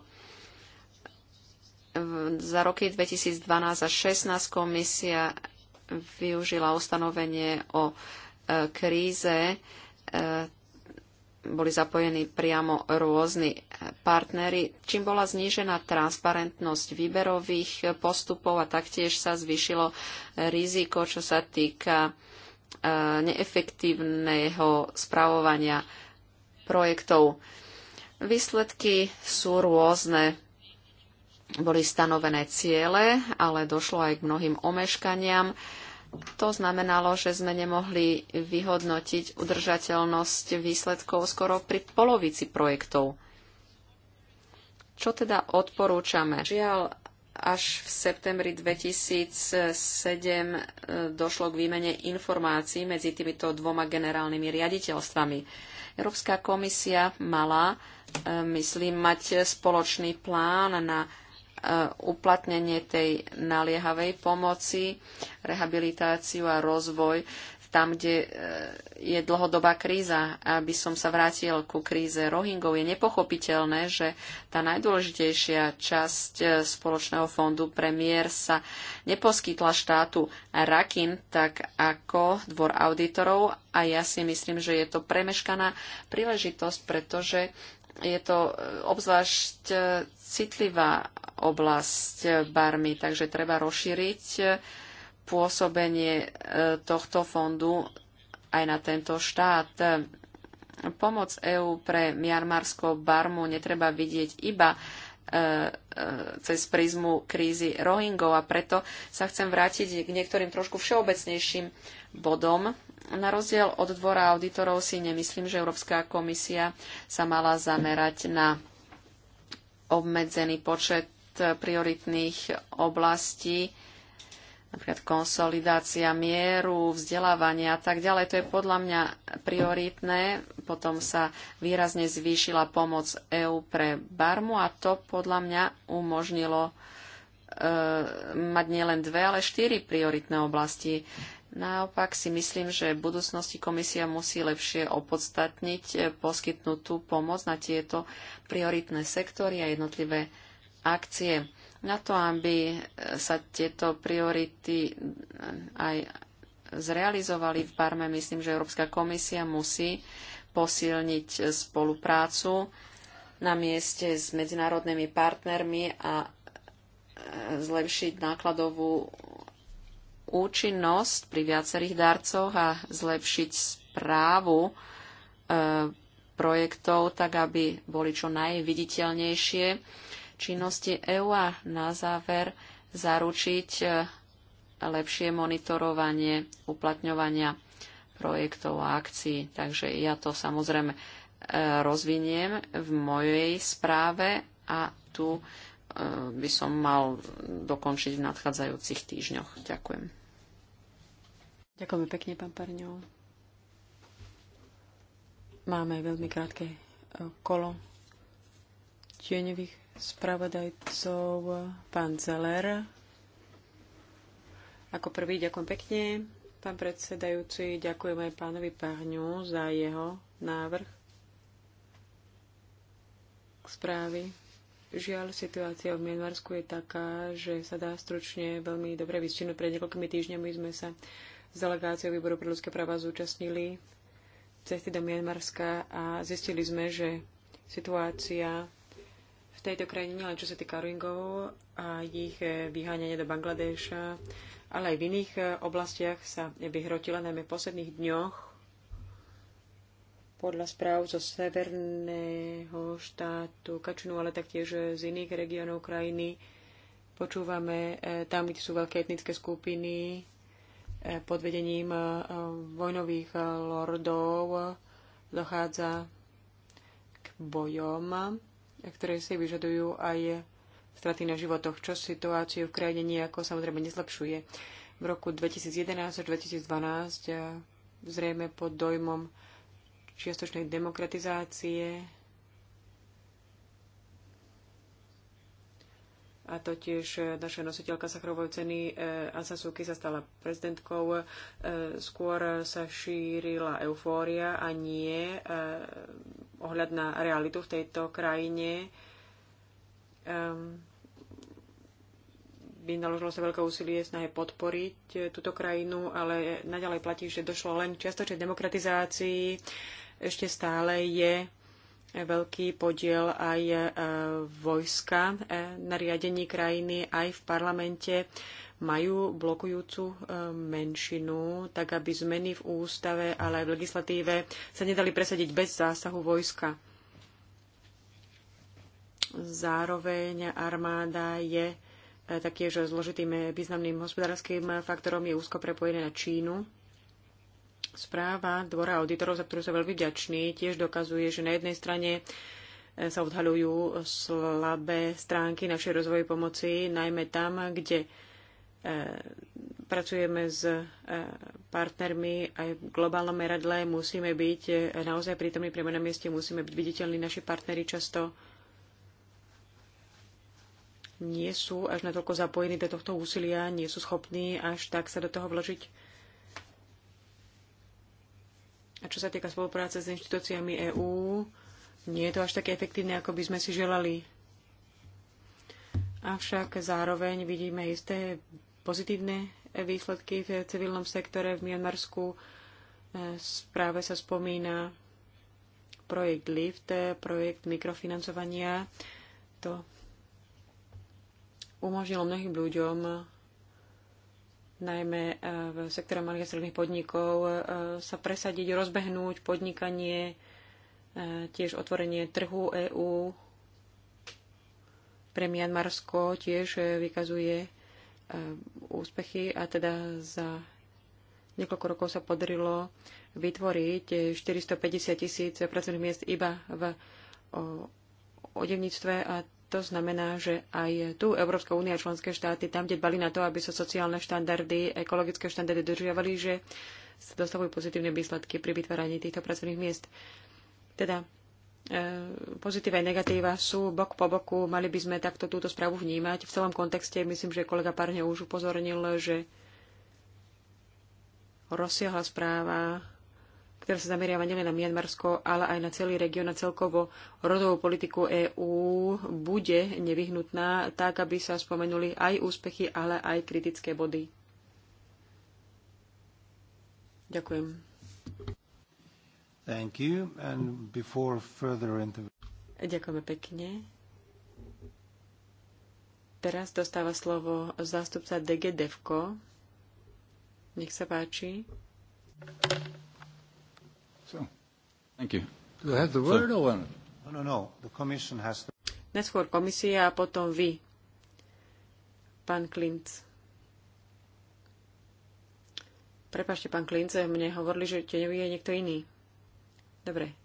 Za roky 2012 a 2016 komisia využila ustanovenie o e, kríze. E, boli zapojení priamo rôzni partnery, čím bola znížená transparentnosť výberových postupov a taktiež sa zvyšilo riziko, čo sa týka E, neefektívneho spravovania projektov. Výsledky sú rôzne. Boli stanovené ciele, ale došlo aj k mnohým omeškaniam. To znamenalo, že sme nemohli vyhodnotiť udržateľnosť výsledkov skoro pri polovici projektov. Čo teda odporúčame? Žiaľ, až v septembri 2007 e, došlo k výmene informácií medzi týmito dvoma generálnymi riaditeľstvami. Európska komisia mala, e, myslím, mať spoločný plán na e, uplatnenie tej naliehavej pomoci, rehabilitáciu a rozvoj tam, kde eh, je dlhodobá kríza. Aby som sa vrátil ku kríze Rohingov, je nepochopiteľné, že tá najdôležitejšia časť eh, spoločného fondu premiér sa neposkytla štátu Rakin, tak ako dvor auditorov. A ja si myslím, že je to premeškaná príležitosť, pretože je to eh, obzvlášť citlivá oblasť barmy, takže treba rozšíriť pôsobenie e, tohto fondu aj na tento štát. Pomoc EÚ pre Mianmarsko Barmu netreba vidieť iba e, e, cez prízmu krízy Rohingov a preto sa chcem vrátiť k niektorým trošku všeobecnejším bodom. Na rozdiel od dvora auditorov si nemyslím, že Európska komisia sa mala zamerať na obmedzený počet prioritných oblastí napríklad konsolidácia mieru, vzdelávania a tak ďalej. To je podľa mňa prioritné. Potom sa výrazne zvýšila pomoc EÚ pre Barmu a to podľa mňa umožnilo e, mať nielen dve, ale štyri prioritné oblasti. Naopak si myslím, že v budúcnosti komisia musí lepšie opodstatniť e, poskytnutú pomoc na tieto prioritné sektory a jednotlivé akcie na to, aby e, sa tieto priority e, aj zrealizovali v Barme, myslím, že Európska komisia musí posilniť e, spoluprácu na mieste s medzinárodnými partnermi a zlepšiť nákladovú účinnosť pri viacerých darcoch a zlepšiť správu e, projektov tak, aby boli čo najviditeľnejšie činnosti EÚ a na záver zaručiť e, lepšie monitorovanie uplatňovania projektov a akcií. Takže ja to samozrejme e, rozviniem v mojej správe a tu e, by som mal dokončiť v nadchádzajúcich týždňoch. Ďakujem. Ďakujeme pekne, pán Parňov. Máme veľmi krátke kolo tieňových spravodajcov pán Zeller. Ako prvý ďakujem pekne, pán predsedajúci, ďakujem aj pánovi Pahňu za jeho návrh správy. Žiaľ, situácia v Mienvarsku je taká, že sa dá stručne veľmi dobre vystihnúť. Pred niekoľkými týždňami sme sa s delegáciou Výboru pre ľudské práva zúčastnili cesty do Mienvarska a zistili sme, že situácia tejto krajine, nielen čo sa týka Rohingov a ich eh, vyháňanie do Bangladeša, ale aj v iných eh, oblastiach sa vyhrotila najmä v posledných dňoch podľa správ zo severného štátu Kačinu, ale taktiež eh, z iných regiónov krajiny. Počúvame tam, kde sú veľké etnické skupiny pod vedením vojnových lordov dochádza k bojom ktoré si vyžadujú aj straty na životoch, čo situáciu v krajine nejako samozrejme nezlepšuje. V roku 2011 až 2012 eh, zrejme pod dojmom čiastočnej demokratizácie a totiž eh, naša nositeľka Sachrovoj ceny eh, Asa Suki sa stala prezidentkou. Eh, skôr sa šírila eufória a nie ohľad na realitu v tejto krajine. Ehm, Naložilo sa veľké úsilie snahe podporiť túto krajinu, ale naďalej platí, že došlo len čiastočnej demokratizácii. Ešte stále je veľký podiel aj e, vojska e, na riadení krajiny, aj v parlamente majú blokujúcu e, menšinu, tak aby zmeny v ústave, ale aj v legislatíve sa nedali presadiť bez zásahu vojska. Zároveň armáda je taktiež zložitým významným hospodárskym faktorom, je úzko prepojené na Čínu Správa Dvora auditorov, za ktorú sa veľmi vďačný, tiež dokazuje, že na jednej strane eh, sa odhaľujú slabé stránky našej rozvojovej pomoci, najmä tam, kde eh, pracujeme s eh, partnermi aj v globálnom meradle, musíme byť naozaj prítomní priamo na mieste, musíme byť viditeľní. Naši partnery často nie sú až natoľko zapojení do tohto úsilia, nie sú schopní až tak sa do toho vložiť. A čo sa týka spolupráce s inštitúciami EÚ, nie je to až také efektívne, ako by sme si želali. Avšak zároveň vidíme isté pozitívne výsledky v civilnom sektore v Mianmarsku. E, správe sa spomína projekt LIFT, projekt mikrofinancovania. To umožnilo mnohým ľuďom najmä eh, v sektore malých a stredných podnikov, eh, sa presadiť, rozbehnúť podnikanie, eh, tiež otvorenie trhu EÚ pre Mianmarsko tiež vykazuje úspechy a teda za niekoľko rokov sa podarilo vytvoriť 450 tisíc pracovných miest iba v odevníctve a to znamená, že aj tu Európska únia a členské štáty, tam, kde dbali na to, aby sa sociálne štandardy, ekologické štandardy dodržiavali, že sa dostavujú pozitívne výsledky pri vytváraní týchto pracovných miest. Teda e, pozitíva aj negatíva sú bok po boku. Mali by sme takto túto správu vnímať. V celom kontexte myslím, že kolega Parne už upozornil, že rozsiahla správa ktorá sa zameriava nielen na Mianmarsko, ale aj na celý región a celkovo rodovú politiku EÚ, bude nevyhnutná, tak aby sa spomenuli aj úspechy, ale aj kritické body. Ďakujem. Thank you. And before further interview... Ďakujeme pekne. Teraz dostáva slovo zástupca DG Devko. Nech sa páči. Thank you. Do I have the word or No, no, no. The commission has Neskôr komisia a potom vy. Pán Klinc. Prepašte, pán Klince, mne hovorili, že teňový je niekto iný. Dobre,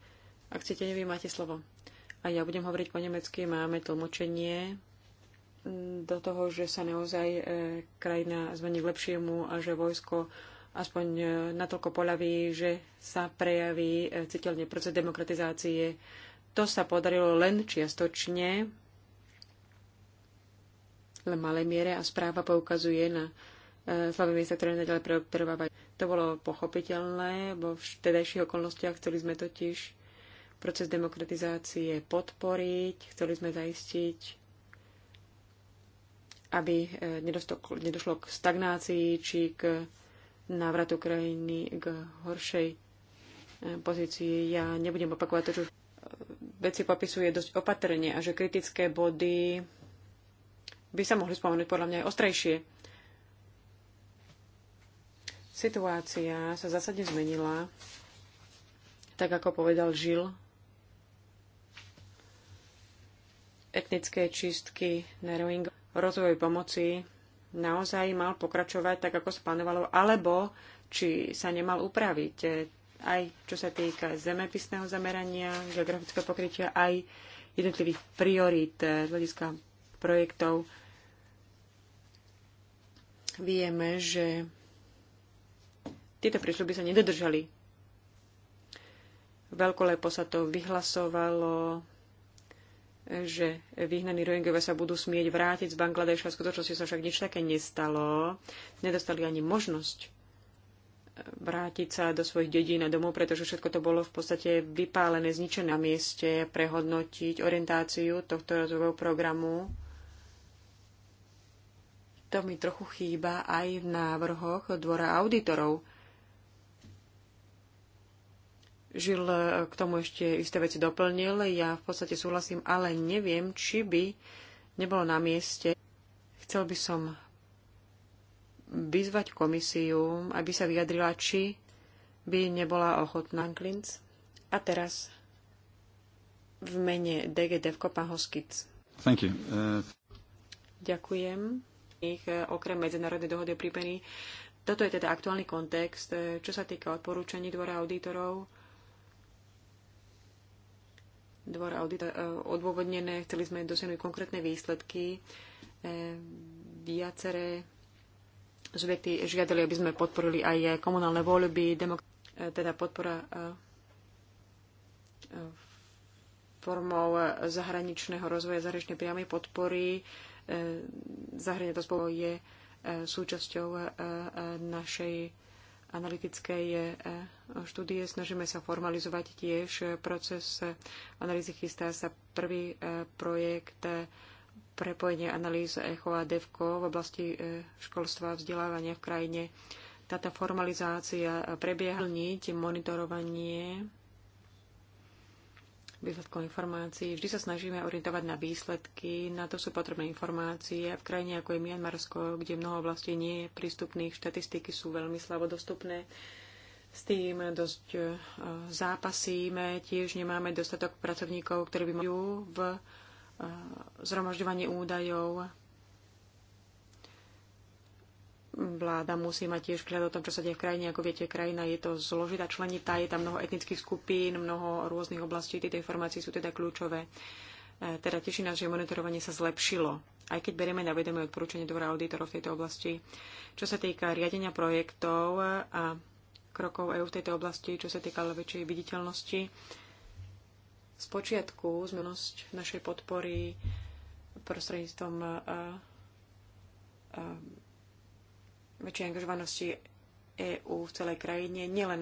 ak ste teňový, máte slovo. A ja budem hovoriť po nemecky, máme tlmočenie do toho, že sa naozaj e, krajina zmení k lepšiemu a že vojsko aspoň e, natoľko poľaví, že sa prejaví e, citeľne proces demokratizácie. To sa podarilo len čiastočne, len malej miere a správa poukazuje na e, slabé miesta, ktoré nadalej pretrvávajú. To bolo pochopiteľné, bo v vtedajších okolnostiach chceli sme totiž proces demokratizácie podporiť, chceli sme zaistiť, aby nedošlo k stagnácii či k návratu krajiny k horšej eh, pozícii. Ja nebudem opakovať to, čo eh, veci popisuje dosť opatrne a že kritické body by sa mohli spomenúť podľa mňa aj ostrejšie. Situácia sa zásadne zmenila, tak ako povedal Žil. Etnické čistky narrowing, rozvoj pomoci naozaj mal pokračovať tak, ako splánovalo, alebo či sa nemal upraviť aj čo sa týka zemepisného zamerania, geografického pokrytia, aj jednotlivých priorít eh, z hľadiska projektov. Vieme, že tieto prísľuby sa nedodržali. Veľkolepo sa to vyhlasovalo, že vyhnaní Rohingovia sa budú smieť vrátiť z Bangladeša. V skutočnosti sa však nič také nestalo. Nedostali ani možnosť e, vrátiť sa do svojich dedín a domov, pretože všetko to bolo v podstate vypálené, zničené na mieste, prehodnotiť orientáciu tohto rozvojového programu. To mi trochu chýba aj v návrhoch dvora auditorov. Žil e, k tomu ešte isté veci doplnil. Ja v podstate súhlasím, ale neviem, či by nebolo na mieste. Chcel by som vyzvať komisiu, aby sa vyjadrila, či by nebola ochotná A teraz v mene DGD v Kopan Hoskic. Thank you. Uh... Ďakujem. Ich, e, okrem medzinárodnej dohody o prípení. Toto je teda aktuálny kontext, e, čo sa týka odporúčaní dvora auditorov dvora audita e, odôvodnené. Chceli sme dosiahnuť konkrétne výsledky. E, viaceré subjekty žiadali, aby sme podporili aj komunálne voľby, demok- e, teda podpora formou zahraničného rozvoja, zahraničnej priamej podpory. Zahraničné to spolo je súčasťou našej analytickej e, štúdie. Snažíme sa formalizovať tiež proces analýzy. Chystá sa prvý e, projekt e, prepojenie analýz ECHO a DEVKO v oblasti školstva a vzdelávania v krajine. Táto formalizácia prebieha monitorovanie výsledkov informácií. Vždy sa snažíme orientovať na výsledky, na to sú potrebné informácie. V krajine ako je Mianmarsko, kde mnoho oblastí nie je prístupných, štatistiky sú veľmi slabo dostupné. S tým dosť e, zápasíme, tiež nemáme dostatok pracovníkov, ktorí by mohli v e, zhromažďovanie údajov Vláda musí mať tiež vzhľad o tom, čo sa deje v krajine. Ako viete, krajina je to zložitá členitá, je tam mnoho etnických skupín, mnoho rôznych oblastí. Tieto informácie sú teda kľúčové. E, teda teší nás, že monitorovanie sa zlepšilo, aj keď berieme na vedomie odporúčanie dvora auditorov v tejto oblasti. Čo sa týka riadenia projektov a krokov EU v tejto oblasti, čo sa týka väčšej viditeľnosti, počiatku zmenosť našej podpory prostredníctvom e, e, väčšej angažovanosti EÚ v celej krajine, nielen